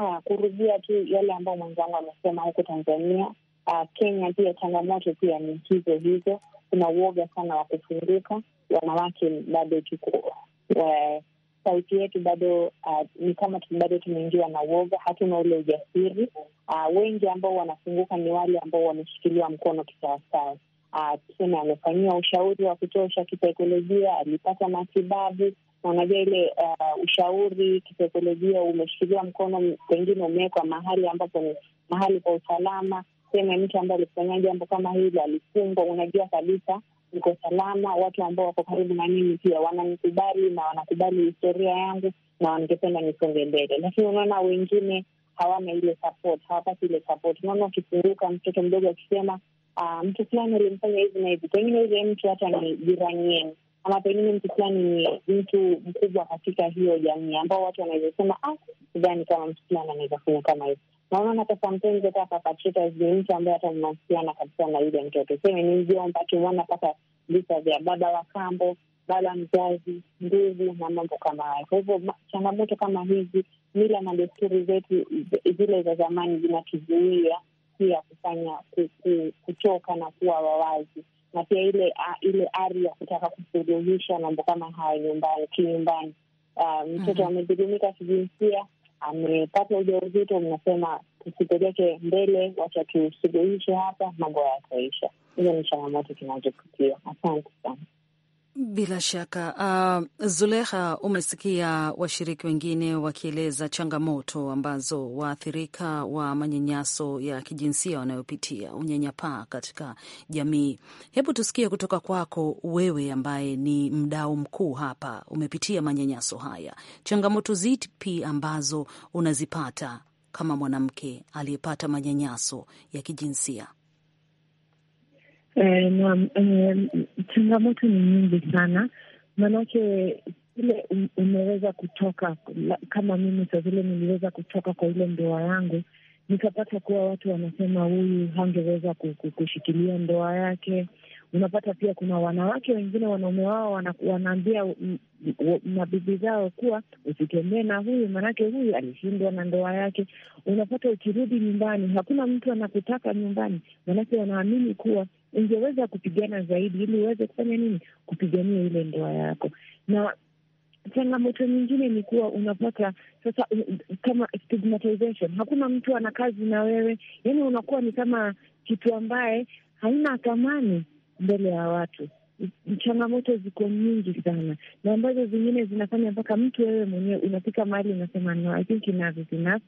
Aa, ah, kurudia tu yale ambayo mwenzangu amesema huko Tanzania. uh, Kenya pia changamoto pia ni hizo hizo, kuna uoga sana wa kufunguka. Wanawake bado tuko sauti yetu bado uh, ni kama bado tumeingiwa na uoga, hatuna ule ujasiri. Uh, wengi ambao wanafunguka ni wale ambao wameshikiliwa mkono kisawasawa. Uh, tuseme amefanyiwa ushauri wa kutosha kisaikolojia, alipata matibabu unajua ile uh, ushauri kisaikolojia umeshikilia mkono, pengine umewekwa mahali ambapo ni mahali pa usalama, sehemu ya mtu ambaye alifanya jambo kama hili, alifungwa. Unajua kabisa niko salama, watu ambao wako karibu na mimi pia wananikubali na wanakubali historia yangu na wangependa nisonge mbele, lakini unaona wengine hawana ile support, hawapati ile support. Unaona ukifunguka mtoto mdogo akisema uh, mtu fulani alimfanya hivi na hivi, pengine yule mtu hata ni jirani yenu ama pengine mtu fulani ni mtu mkubwa katika hiyo jamii, ambao watu wanaweza sema ah, sidhani kama mtu fulani anaweza kufanya kama hivo. Naona hata hata perpetrators ni mtu ambaye hata mnawasiliana kabisa na yule mtoto, seme ni mjomba, tumeona pata visa vya baba wa kambo, baba mzazi, ndugu na mambo kama hayo. Kwa hivyo changamoto kama hizi, mila na desturi zetu zile za zamani zinatuzuia pia kufanya kutoka na kuwa wawazi na pia ile ah, ile ari ya kutaka kusuluhisha mambo kama haya nyumbani, kinyumbani. Ah, mtoto um, mhm. amedhulumika kijinsia, amepata uja uzito mnasema tusipeleke mbele, wacha tusuluhishe hapa, mambo yataisha. hiyo ni changamoto tunazopitia. Asante sana. Bila shaka uh, Zuleha, umesikia washiriki wengine wakieleza changamoto ambazo waathirika wa manyanyaso ya kijinsia wanayopitia, unyanyapaa katika jamii. Hebu tusikie kutoka kwako wewe, ambaye ni mdau mkuu hapa, umepitia manyanyaso haya, changamoto zipi ambazo unazipata kama mwanamke aliyepata manyanyaso ya kijinsia? E, naam, e, changamoto ni nyingi sana maanake ile umeweza kutoka kama mimi saa vile niliweza kutoka kwa ile ndoa yangu, nikapata kuwa watu wanasema huyu hangeweza kushikilia ndoa yake, Unapata pia kuna wanawake wengine, wanaume wao wanaambia mabibi zao kuwa usitembee na huyu, maanake huyu alishindwa na ndoa yake. Unapata ukirudi nyumbani hakuna mtu anakutaka nyumbani, maanake wanaamini kuwa ungeweza kupigana zaidi ili uweze kufanya nini, kupigania ile ndoa yako. Na changamoto nyingine ni kuwa unapata sasa kama stigmatization, hakuna mtu ana kazi na wewe, yani unakuwa ni kama kitu ambaye haina thamani mbele ya watu. Changamoto ziko nyingi sana, na ambazo zingine zinafanya mpaka mtu wewe mwenyewe unafika mahali unasema no, I think enough is enough.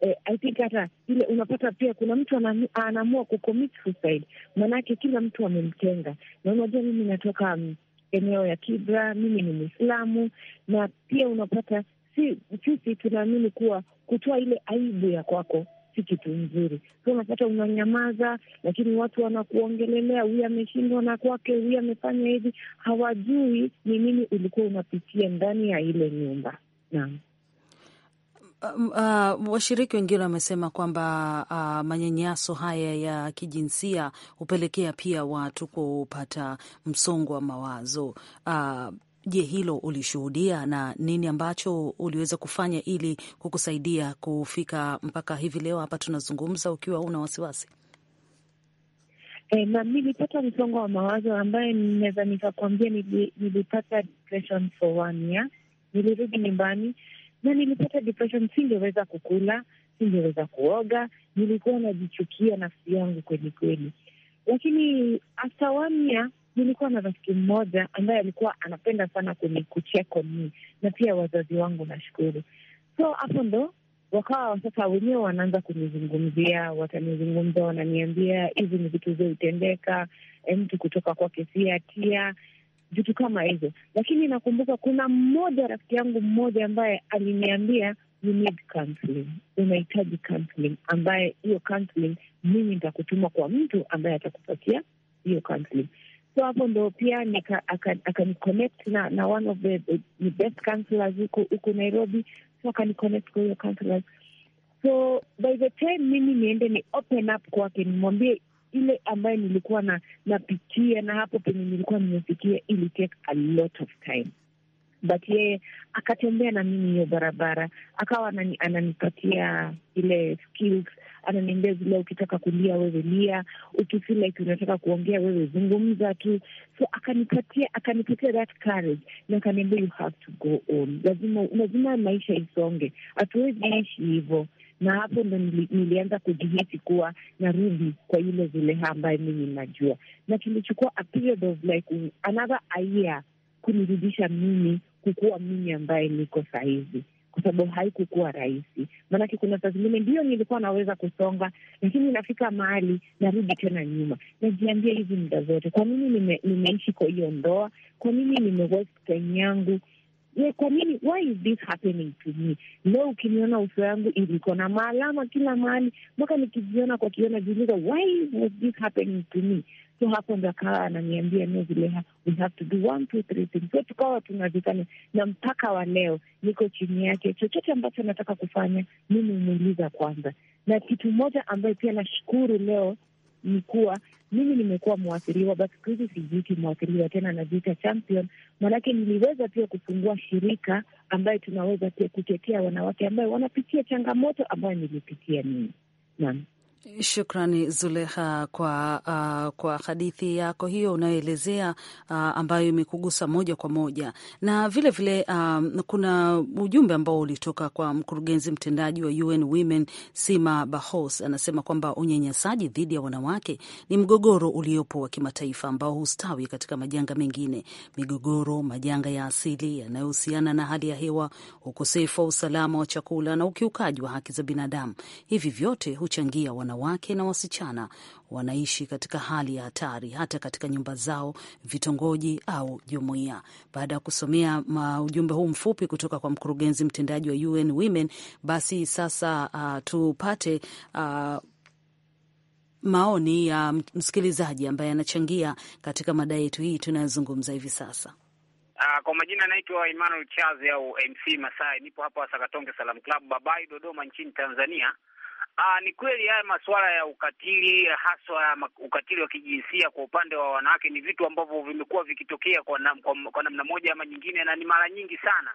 Eh, I think hata ile unapata pia kuna mtu anaamua kucommit suicide, maanake kila mtu amemtenga. Na unajua mimi natoka um, eneo ya Kibra, mimi ni Mwislamu, na pia unapata sisi tunaamini kuwa kutoa ile aibu ya kwako si kitu nzuri. So unapata unanyamaza, lakini watu wanakuongelelea, huyu ameshindwa na kwake, huyu amefanya hivi. Hawajui ni nini ulikuwa unapitia ndani ya ile nyumba. Naam. Um, uh, washiriki wengine wamesema kwamba uh, manyanyaso haya ya kijinsia hupelekea pia watu kupata msongo wa mawazo uh, Je, hilo ulishuhudia na nini ambacho uliweza kufanya ili kukusaidia kufika mpaka hivi leo hapa tunazungumza ukiwa una wasiwasi? E, eh, na nilipata msongo wa mawazo ambaye ninaweza nikakwambia nilipata depression for one year. Nilirudi nyumbani na nilipata depression, singeweza kukula, singeweza kuoga, nilikuwa najichukia nafsi yangu kweli kweli, lakini after one year nilikuwa na rafiki mmoja ambaye alikuwa anapenda sana kwenye nii na pia wazazi wangu nashukuru. So hapo ndo wakawa sasa wenyewe wanaanza kunizungumzia, watanizungumza, wananiambia hizi ni vitu zilitendeka, eh, mtu kutoka kwake si hatia, vitu kama hizo. Lakini nakumbuka kuna mmoja rafiki yangu mmoja ambaye aliniambia you need counseling, unahitaji counseling, ambaye hiyo counseling mimi nitakutuma kwa mtu ambaye atakupatia hiyo counseling so hapo ndo pia akaniconnect na na one of the, the best counselors huku Nairobi, so akaniconnect kwa hiyo counselors. So by the time mimi niende ni open up kwake, nimwambie ile ambayo nilikuwa na napitia na hapo penye nilikuwa nimefikia, ili take a lot of time but yeye akatembea na mimi hiyo barabara, akawa anani, ananipatia ile skills, ananiambia zile, ukitaka kulia wewe lia, ukifeel like unataka kuongea wewe zungumza tu. So akanipatia akanipatia that courage na akaniambia you have to go on, lazima lazima maisha isonge, hatuwezi ishi hivyo na hapo ndo nili, nilianza kujihisi kuwa narudi kwa ile zuleha ambayo mimi najua, na kilichukua a period of like another a year kunirudisha mimi kukuwa mimi ambaye niko sahizi, kwa sababu haikukuwa rahisi. Maanake kuna saa zingine ndio nilikuwa naweza kusonga, lakini nafika mahali narudi tena nyuma, najiambia hizi muda zote, kwa nini nime, nimeishi kwa hiyo ndoa? Kwa nini nime time yangu Yeah, kwa nini? Why is this happening to me? Leo ukiniona uso yangu iliko na maalama kila mahali, mpaka nikijiona kwa kiona jiuliza why was this happening to me? So hapo ndo akawa ananiambia no, vile we have to do one two three things. So tukawa tunavitana, na mpaka wa leo niko chini yake. Chochote ambacho nataka kufanya mimi umuuliza kwanza, na kitu moja ambayo pia nashukuru leo ni kuwa mimi nimekuwa mwathiriwa, but siku hizi sijiiti mwathiriwa tena, najiita champion, manake niliweza pia kufungua shirika ambayo tunaweza pia kutetea wanawake ambayo wanapitia changamoto ambayo nilipitia mimi. Naam. Shukrani Zulekha kwa, uh, kwa hadithi yako hiyo unayoelezea uh, ambayo imekugusa moja kwa moja na vilevile vile, uh, kuna ujumbe ambao ulitoka kwa mkurugenzi mtendaji wa UN Women Sima bahos Anasema kwamba unyanyasaji dhidi ya wanawake ni mgogoro uliopo wa kimataifa ambao hustawi katika majanga mengine, migogoro, majanga ya asili yanayohusiana na hali ya hewa, ukosefu wa usalama wa chakula na ukiukaji wa haki za binadamu. Hivi vyote huchangia wanawake wanawake na wasichana wanaishi katika hali ya hatari hata katika nyumba zao, vitongoji au jumuiya. Baada ya kusomea ujumbe huu mfupi kutoka kwa mkurugenzi mtendaji wa UN Women, basi sasa uh, tupate uh, maoni ya msikilizaji ambaye anachangia katika mada yetu hii tunayozungumza hivi sasa. Uh, kwa majina anaitwa Emmanuel Chaz au MC Masai, nipo hapa Sakatonge Salam Club Babai, Dodoma nchini Tanzania. Aa, ah, ni kweli haya masuala ya ukatili haswa ya ukatili wa kijinsia kwa upande wa wanawake ni vitu ambavyo vimekuwa vikitokea kwa, nam, kwa, kwa namna moja ama nyingine, na ni mara nyingi sana,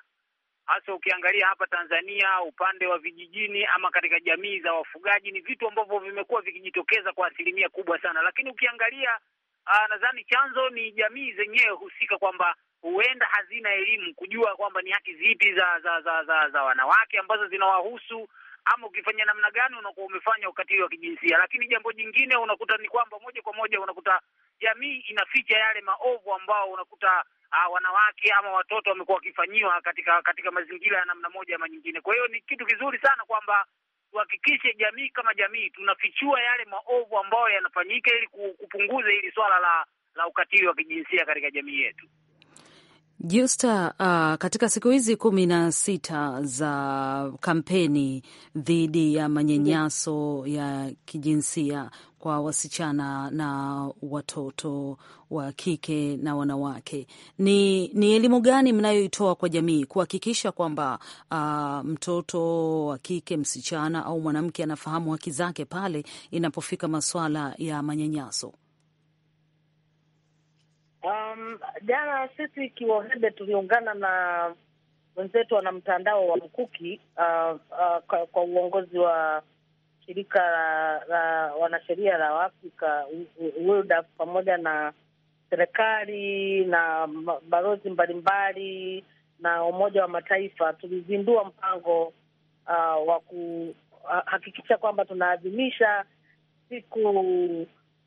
hasa ukiangalia hapa Tanzania upande wa vijijini ama katika jamii za wafugaji, ni vitu ambavyo vimekuwa vikijitokeza kwa asilimia kubwa sana, lakini ukiangalia ah, nadhani chanzo ni jamii zenyewe husika kwamba huenda hazina elimu kujua kwamba ni haki zipi za za za za, za wanawake ambazo zinawahusu ama ukifanya namna gani unakuwa umefanya ukatili wa kijinsia. Lakini jambo jingine unakuta ni kwamba moja kwa moja unakuta jamii inaficha yale maovu ambao unakuta uh, wanawake ama watoto wamekuwa wakifanyiwa katika katika mazingira ya namna moja ama nyingine. Kwa hiyo ni kitu kizuri sana kwamba tuhakikishe jamii kama jamii tunafichua yale maovu ambayo yanafanyika ili kupunguza hili swala la la ukatili wa kijinsia katika jamii yetu. Justa, uh, katika siku hizi kumi na sita za kampeni dhidi ya manyanyaso ya kijinsia kwa wasichana na watoto wa kike na wanawake, ni, ni elimu gani mnayoitoa kwa jamii kuhakikisha kwamba uh, mtoto wa kike, msichana au mwanamke anafahamu haki zake pale inapofika masuala ya manyanyaso? Um, jana sisi Kiwahebe tuliungana na wenzetu wana mtandao wa Mkuki uh, uh, kwa, kwa uongozi wa shirika la, la wanasheria la afrika WiLDAF pamoja na serikali na balozi mbalimbali na Umoja wa Mataifa tulizindua mpango uh, wa kuhakikisha kwamba tunaadhimisha siku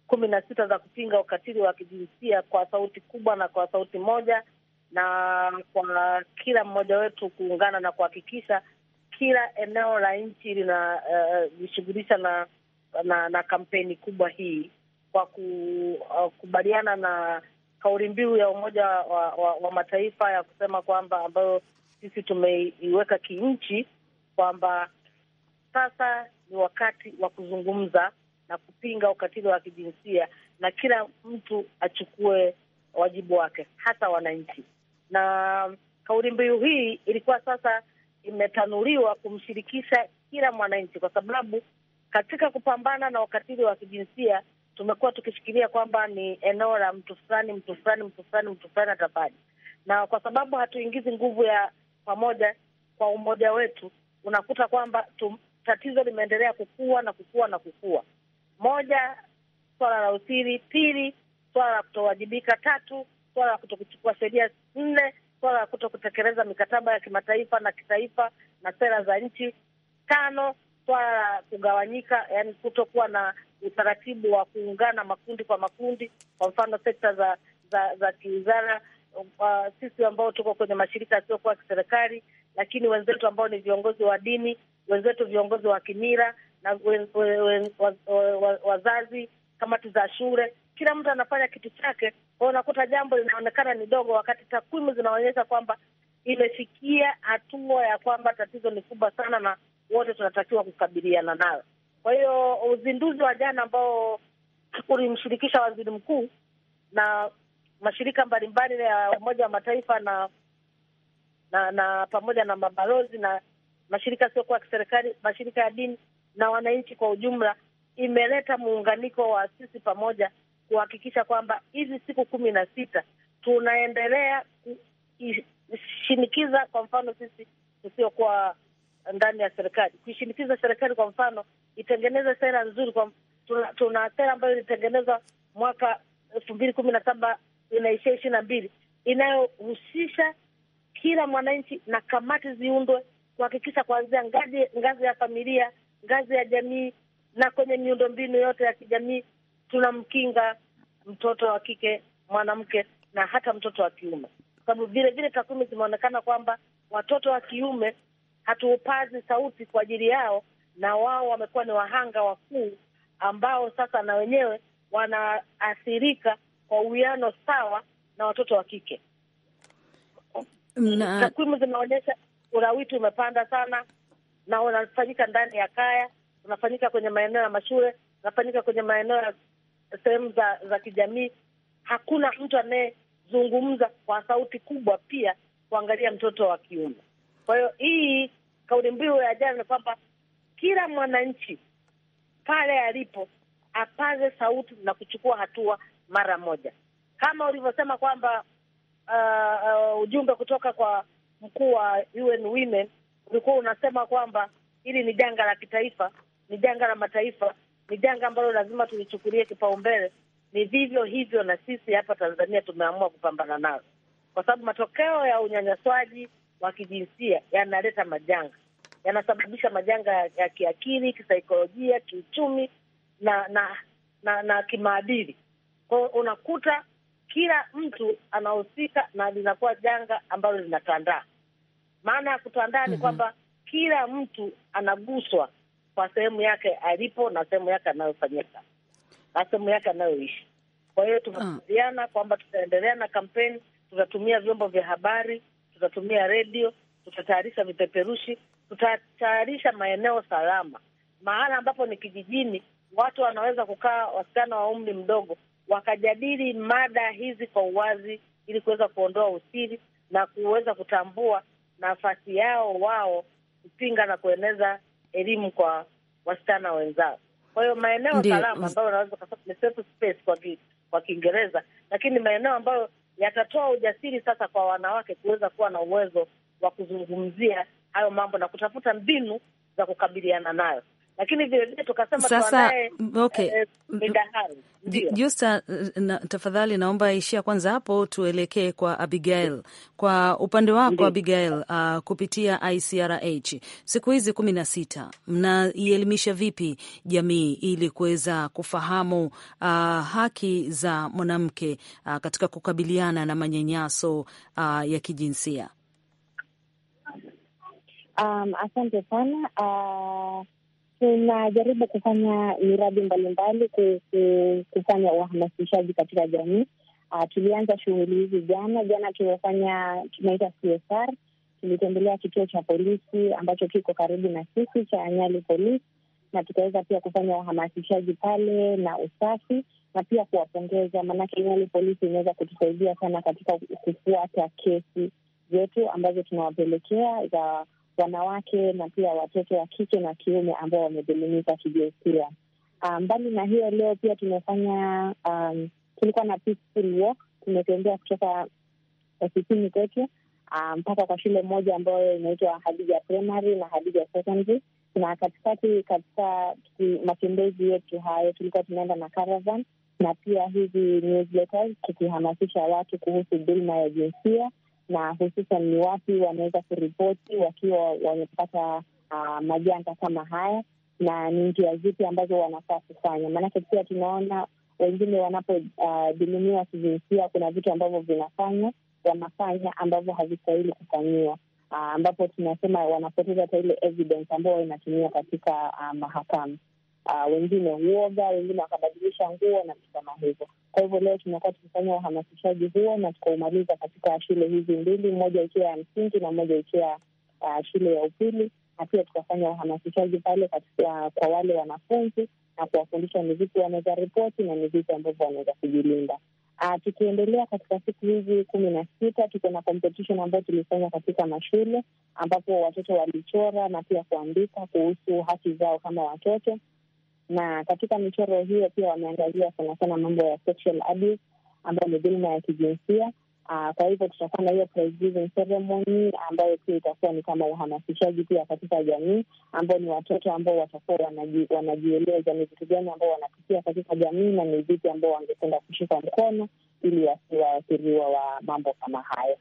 kumi na sita za kupinga ukatili wa kijinsia kwa sauti kubwa na kwa sauti moja, na kwa kila mmoja wetu kuungana na kuhakikisha kila eneo la nchi linajishughulisha eh, uh, na, na na kampeni kubwa hii kwa kukubaliana uh, na kauli mbiu ya Umoja wa, wa, wa Mataifa ya kusema kwamba ambayo sisi tumeiweka kinchi kwamba sasa ni wakati wa kuzungumza na kupinga ukatili wa kijinsia, na kila mtu achukue wajibu wake, hata wananchi. Na kauli mbiu hii ilikuwa sasa imetanuliwa kumshirikisha kila mwananchi, kwa sababu katika kupambana na ukatili wa kijinsia tumekuwa tukishikilia kwamba ni eneo la mtu fulani, mtu fulani, mtu fulani, mtu fulani atafanya, na kwa sababu hatuingizi nguvu ya pamoja kwa umoja wetu, unakuta kwamba tatizo limeendelea kukua na kukua na kukua. Moja, swala la usiri; pili, swala la kutowajibika; tatu, swala la kutokuchukua sheria; nne, swala la kuto kutekeleza mikataba ya kimataifa na kitaifa na sera za nchi; tano, swala la kugawanyika, yani kutokuwa na utaratibu wa kuungana makundi kwa makundi, kwa mfano sekta za za, za kiwizara Uh, sisi ambao tuko kwenye mashirika yasiyokuwa ya kiserikali, lakini wenzetu ambao ni viongozi wa dini, wenzetu viongozi wa kimira na wazazi, kamati za shule, kila mtu anafanya kitu chake kwao. Unakuta jambo linaonekana ni dogo, wakati takwimu zinaonyesha kwamba imefikia hatua ya kwamba tatizo ni kubwa sana na wote tunatakiwa kukabiliana nayo. Kwa hiyo uzinduzi wa jana ambao ulimshirikisha waziri mkuu na mashirika mbalimbali ya Umoja wa Mataifa na na, na pamoja na mabalozi na mashirika siokuwa ya kiserikali, mashirika ya dini, na wananchi kwa ujumla, imeleta muunganiko wa sisi pamoja kuhakikisha kwamba hizi siku kumi na sita tunaendelea kushinikiza kwa mfano sisi tusiokuwa ndani ya serikali, kuishinikiza serikali, kwa mfano itengeneze sera nzuri. Kwa tuna, tuna sera ambayo ilitengenezwa mwaka elfu mbili kumi na saba inaishia ishirini na mbili inayohusisha kila mwananchi na kamati ziundwe kuhakikisha kuanzia ngazi, ngazi ya familia ngazi ya jamii na kwenye miundombinu yote ya kijamii, tunamkinga mtoto wa kike, mwanamke na hata mtoto wa kiume, kwa sababu vile vile takwimu zimeonekana kwamba watoto wa kiume hatuupazi sauti kwa ajili yao, na wao wamekuwa ni wahanga wakuu ambao sasa na wenyewe wanaathirika kwa uwiano sawa na watoto wa kike. Takwimu zinaonyesha ulawiti umepanda sana, na unafanyika ndani ya kaya, unafanyika kwenye maeneo ya mashule, unafanyika kwenye maeneo ya sehemu za za kijamii. Hakuna mtu anayezungumza kwa sauti kubwa pia kuangalia mtoto wa kiume. Kwa hiyo hii kauli mbiu ya jana ni kwamba kila mwananchi pale alipo apaze sauti na kuchukua hatua mara moja, kama ulivyosema kwamba uh, uh, ujumbe kutoka kwa mkuu wa UN Women ulikuwa unasema kwamba hili ni janga la kitaifa, ni janga la mataifa, ni janga ambalo lazima tulichukulie kipaumbele. Ni vivyo hivyo na sisi hapa Tanzania tumeamua kupambana nalo, kwa sababu matokeo ya unyanyaswaji wa kijinsia yanaleta majanga, yanasababisha majanga ya kiakili, kisaikolojia, kiuchumi na na na, na kimaadili. Kwao unakuta kila mtu anahusika na linakuwa janga ambalo linatandaa. Maana ya kutandaa ni mhm. kwamba kila mtu anaguswa kwa sehemu yake alipo na sehemu yake anayofanyika na sehemu yake anayoishi. Kwa hiyo ah. tumekubaliana kwamba tutaendelea na kampeni, tutatumia vyombo vya habari, tutatumia redio, tutatayarisha vipeperushi, tutatayarisha maeneo salama, mahala ambapo ni kijijini, watu wanaweza kukaa, wasichana wa umri mdogo, wakajadili mada hizi kwa uwazi, ili kuweza kuondoa usiri na kuweza kutambua nafasi yao wao kupinga na kueneza elimu kwa wasichana wenzao. Kwa hiyo maeneo salama ambayo unaweza kusema ni safe space kwa ki, kwa Kiingereza, lakini maeneo ambayo yatatoa ujasiri sasa kwa wanawake kuweza kuwa na uwezo wa kuzungumzia hayo mambo na kutafuta mbinu za kukabiliana nayo lakini vile tukasema sasa, okay, eh, midaharo Justa, na, tafadhali naomba ishia kwanza hapo, tuelekee kwa Abigail. Kwa upande wako Abigail, uh, kupitia ICRH siku hizi kumi na sita mnaielimisha vipi jamii ili kuweza kufahamu uh, haki za mwanamke uh, katika kukabiliana na manyanyaso uh, ya kijinsia? Um, asante sana uh tunajaribu kufanya miradi mbalimbali kufanya uhamasishaji katika jamii. Uh, tulianza shughuli hizi jana jana, tumefanya tunaita CSR. Tulitembelea kituo cha polisi ambacho kiko karibu na sisi cha Nyali Polisi, na tukaweza pia kufanya uhamasishaji pale na usafi na pia kuwapongeza, maanake Nyali Polisi inaweza kutusaidia sana katika kufuata kesi zetu ambazo tunawapelekea za wanawake na pia watoto wa kike na kiume ambao wamedhulumika kijinsia. Ah, mbali um, na hiyo leo pia tumefanya um, tulikuwa na peaceful walk, tumetembea kutoka ofisini kwetu ah, mpaka um, kwa shule moja ambayo inaitwa Hadija Primary na Hadija Secondary. Na katikati katika matembezi yetu hayo tulikuwa tunaenda na caravan na pia hizi newsletters tukihamasisha watu kuhusu dhuluma ya jinsia na hususan ni wapi wanaweza kuripoti wakiwa wamepata uh, majanga kama haya, na ni njia zipi ambazo wanafaa kufanya. Maanake pia tunaona wengine wanapodhulumiwa ah, uh, kijinsia, kuna vitu ambavyo vinafanya wanafanya ambavyo havistahili kufanyiwa, ah, ambapo tunasema wanapoteza hata ile evidence ambayo inatumiwa katika uh, mahakama uh, wengine huoga, wengine wakabadilisha nguo na vitu kama hivyo. Kwa hivyo leo tumekuwa tukifanya uhamasishaji huo na tukaumaliza katika shule hizi mbili, moja ikiwa ya msingi na moja ikiwa uh, shule ya upili, na pia tukafanya uhamasishaji pale katika, kwa wale wanafunzi na kuwafundisha ni vipi wanaweza ripoti na ni vipi ambavyo wanaweza kujilinda. Uh, tukiendelea katika siku hizi kumi na sita tuko na competition ambayo tulifanya katika mashule ambapo watoto walichora na pia kuandika kuhusu haki zao kama watoto, na katika michoro hiyo pia wameangazia sana sana mambo ya sexual abuse ambayo ni dhuluma ya kijinsia. Uh, kwa hivyo tutakuwa na hiyo prize giving ceremony ambayo pia itakuwa ni kama uhamasishaji pia katika jamii, ambao ni watoto ambao watakuwa wanaji, wanajieleza ni vitu gani ambao wanapitia katika jamii na ni vipi ambao wangependa kushika mkono ili wasiwaathiriwa wa mambo kama hayo.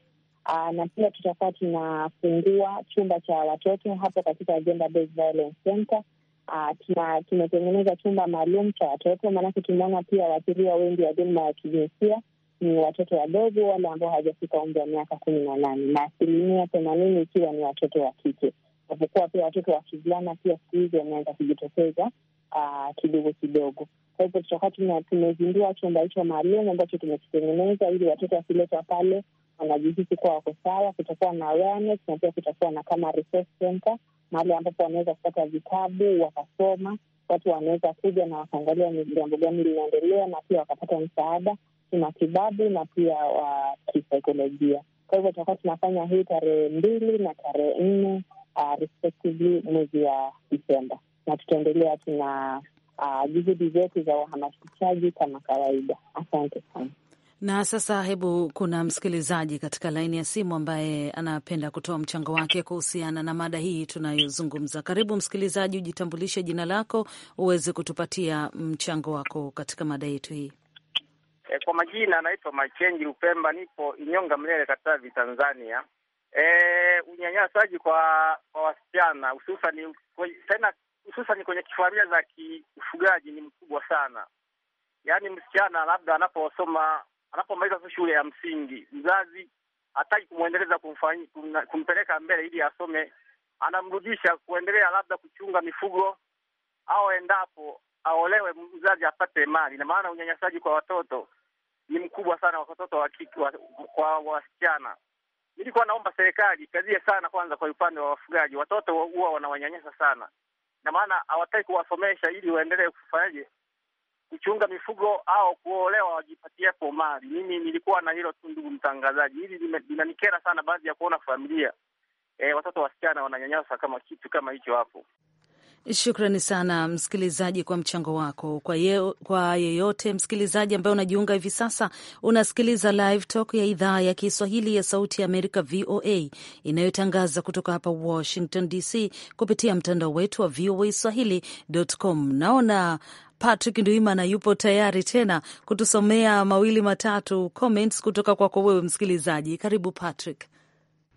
Uh, na pia tutakuwa tunafungua chumba cha watoto hapo katika Gender Based Violence Center uh, kimetengeneza chumba maalum cha watoto, maanake tumeona pia waathiriwa wengi wa dhuluma ya kijinsia ni watoto wadogo, wale ambao hawajafika umri wa miaka kumi na nane na asilimia themanini ikiwa ni watoto wa kike, japokuwa pia watoto wa kivulana pia siku hizi wameanza kujitokeza ah, kidogo kidogo. Kwa hivyo tutakuwa tumezindua chumba hicho maalum ambacho tumekitengeneza ili watoto wakiletwa pale wanajihisi kuwa wako sawa. Kutakuwa na awareness na pia kutakuwa na kama resource center mahali ambapo wanaweza kupata vitabu wakasoma. Watu wanaweza kuja na wakaangalia ni jambo gani linaendelea, na pia wakapata msaada kimatibabu na pia wa kisaikolojia. Kwa hivyo tutakuwa tunafanya hii tarehe mbili na tarehe nne uh, respectively mwezi wa Disemba, na tutaendelea tuna uh, juhudi zetu za uhamasishaji kama kawaida. Asante sana. Na sasa hebu, kuna msikilizaji katika laini ya simu ambaye anapenda kutoa mchango wake kuhusiana na mada hii tunayozungumza. Karibu msikilizaji, ujitambulishe jina lako uweze kutupatia mchango wako katika mada yetu hii. E, kwa majina anaitwa Machenji upemba nipo Inyonga, Mlele, Katavi, Tanzania. E, unyanyasaji kwa kwa wasichana hususani tena hususani kwenye familia za kiufugaji ni mkubwa sana, yaani msichana labda anaposoma anapomaliza shule ya msingi, mzazi hataki kumwendeleza kumpeleka mbele ili asome, anamrudisha kuendelea labda kuchunga mifugo au endapo aolewe, mzazi apate mali. Na maana unyanyasaji kwa watoto ni mkubwa sana, watoto wa kike kwa wasichana. Nilikuwa naomba serikali kazie sana kwanza, kwa upande wa wafugaji, watoto huwa wanawanyanyasa sana, na maana hawataki kuwasomesha ili waendelee kufanyaje kuchunga mifugo au kuolewa wajipatiapo mali. Mimi nilikuwa na hilo tu, ndugu mtangazaji, hili linanikera sana, baadhi ya kuona familia e, watoto wasichana wananyanyasa kama kitu kama hicho hapo. Shukrani sana msikilizaji kwa mchango wako. Kwa, ye, kwa yeyote msikilizaji ambaye unajiunga hivi sasa, unasikiliza Live Talk ya idhaa ya Kiswahili ya Sauti ya Amerika, VOA, inayotangaza kutoka hapa Washington DC kupitia mtandao wetu wa VOA Swahili.com. Naona Patrick Ndwimana yupo tayari tena kutusomea mawili matatu comments kutoka kwako wewe msikilizaji. Karibu Patrick.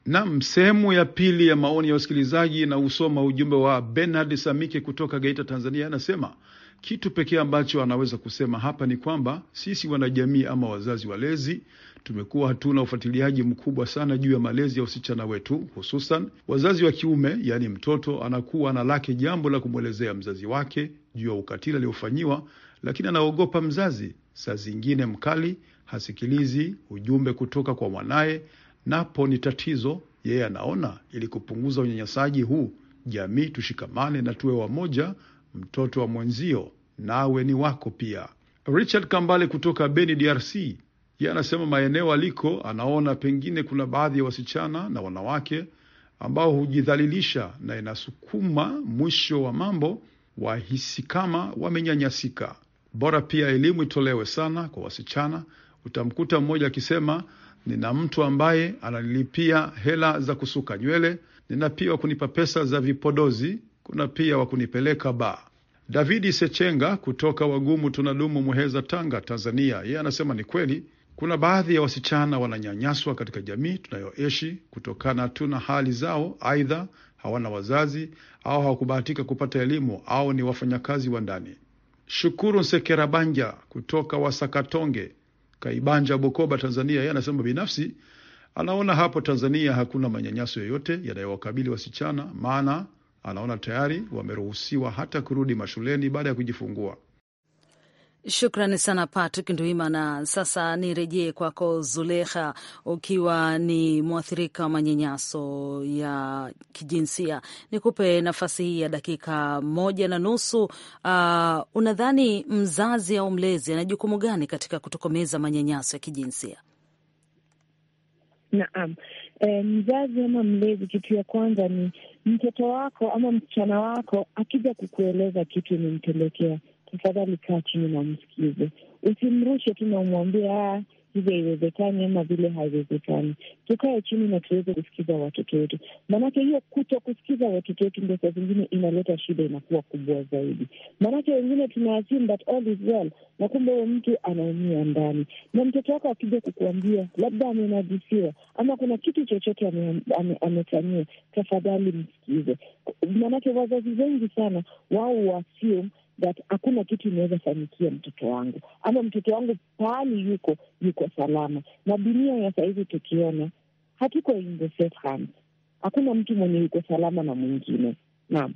Nam, sehemu ya pili ya maoni ya wasikilizaji na usoma ujumbe wa Bernard Samike kutoka Geita, Tanzania. Anasema kitu pekee ambacho anaweza kusema hapa ni kwamba sisi wanajamii ama wazazi walezi Tumekuwa hatuna ufuatiliaji mkubwa sana juu ya malezi ya usichana wetu, hususan wazazi wa kiume, yaani mtoto anakuwa na lake jambo la kumwelezea mzazi wake juu ya ukatili aliofanyiwa, lakini anaogopa mzazi. Saa zingine mkali hasikilizi ujumbe kutoka kwa mwanaye, napo ni tatizo. Yeye anaona ili kupunguza unyanyasaji huu, jamii tushikamane na tuwe wamoja. Mtoto wa mwenzio nawe ni wako pia. Richard Kambale kutoka Beni, DRC yeye anasema maeneo aliko, anaona pengine kuna baadhi ya wasichana na wanawake ambao hujidhalilisha na inasukuma mwisho wa mambo wahisi kama wamenyanyasika. Bora pia elimu itolewe sana kwa wasichana. Utamkuta mmoja akisema nina mtu ambaye ananilipia hela za kusuka nywele, nina pia wa kunipa pesa za vipodozi, kuna pia wa kunipeleka ba. Davidi Sechenga kutoka Wagumu Tunadumu, Muheza, Tanga, Tanzania, yeye anasema ni kweli kuna baadhi ya wasichana wananyanyaswa katika jamii tunayoishi kutokana tu na hali zao, aidha hawana wazazi au hawakubahatika kupata elimu au ni wafanyakazi wa ndani. Shukuru Nsekerabanja kutoka Wasakatonge, Kaibanja, Bukoba, Tanzania, yeye anasema binafsi anaona hapo Tanzania hakuna manyanyaso yoyote yanayowakabili wasichana, maana anaona tayari wameruhusiwa hata kurudi mashuleni baada ya kujifungua. Shukrani sana Patrick nduima Na sasa nirejee kwako Zulekha, ukiwa ni mwathirika wa manyanyaso ya kijinsia, nikupe nafasi hii ya dakika moja na nusu. Uh, unadhani mzazi au mlezi ana jukumu gani katika kutokomeza manyanyaso ya kijinsia? Naam. E, mzazi ama mlezi, kitu ya kwanza ni mtoto wako ama msichana wako akija kukueleza kitu imemtendekea tafadhali kaa chini na msikize usimrushe tu na umwambie ah, hivyo haiwezekani ama vile haiwezekani. Tukae chini na tuweze kusikiza watoto wetu, maanake hiyo kuto kusikiza watoto wetu ndio saa zingine inaleta shida, inakuwa kubwa zaidi. Maanake wengine tuna assume that all is well, na kumbe huyo mtu anaumia ndani. Na mtoto wako akija kukuambia labda amenajisiwa ama kuna kitu chochote ametanyia, tafadhali msikize, maanake wazazi wengi sana wao wasio that hakuna kitu inaweza fanyikia mtoto wangu ama mtoto wangu pahali yuko yuko salama. Na dunia ya sahizi tukiona, hatuko hakuna mtu mwenye yuko salama na mwingine. Naam.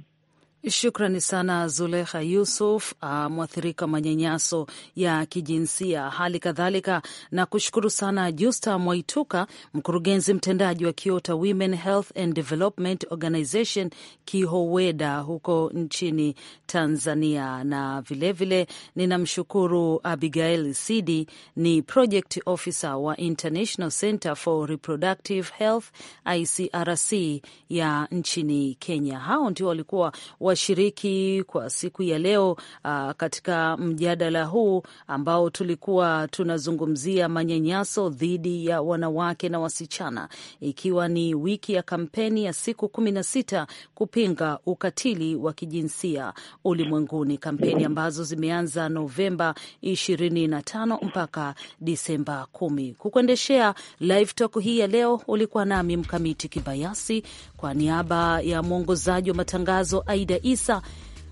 Shukrani sana zuleha Yusuf, uh, mwathirika manyanyaso ya kijinsia hali kadhalika, na kushukuru sana Justa Mwaituka, mkurugenzi mtendaji wa Kyoto Women Health and Development Organization KIHOWEDA huko nchini Tanzania, na vilevile ninamshukuru Abigail Sidi, ni project officer wa International Center for Reproductive Health ICRC ya nchini Kenya. Hao ndio walikuwa wa washiriki kwa siku ya leo uh, katika mjadala huu ambao tulikuwa tunazungumzia manyanyaso dhidi ya wanawake na wasichana, ikiwa ni wiki ya kampeni ya siku kumi na sita kupinga ukatili wa kijinsia ulimwenguni, kampeni ambazo zimeanza Novemba ishirini na tano mpaka Disemba kumi. Kukuendeshea live talk hii ya leo ulikuwa nami Mkamiti Kibayasi kwa niaba ya mwongozaji wa matangazo Aida Isa.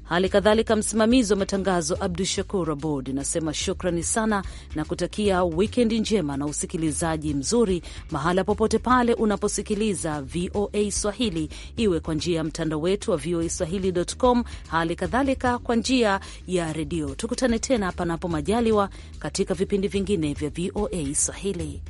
Hali kadhalika msimamizi wa matangazo Abdu Shakur Abod Nasema shukrani sana na kutakia wikendi njema na usikilizaji mzuri mahala popote pale unaposikiliza VOA Swahili, iwe kwa njia ya mtandao wetu wa VOA Swahili.com, hali kadhalika kwa njia ya redio. Tukutane tena panapo majaliwa katika vipindi vingine vya VOA Swahili.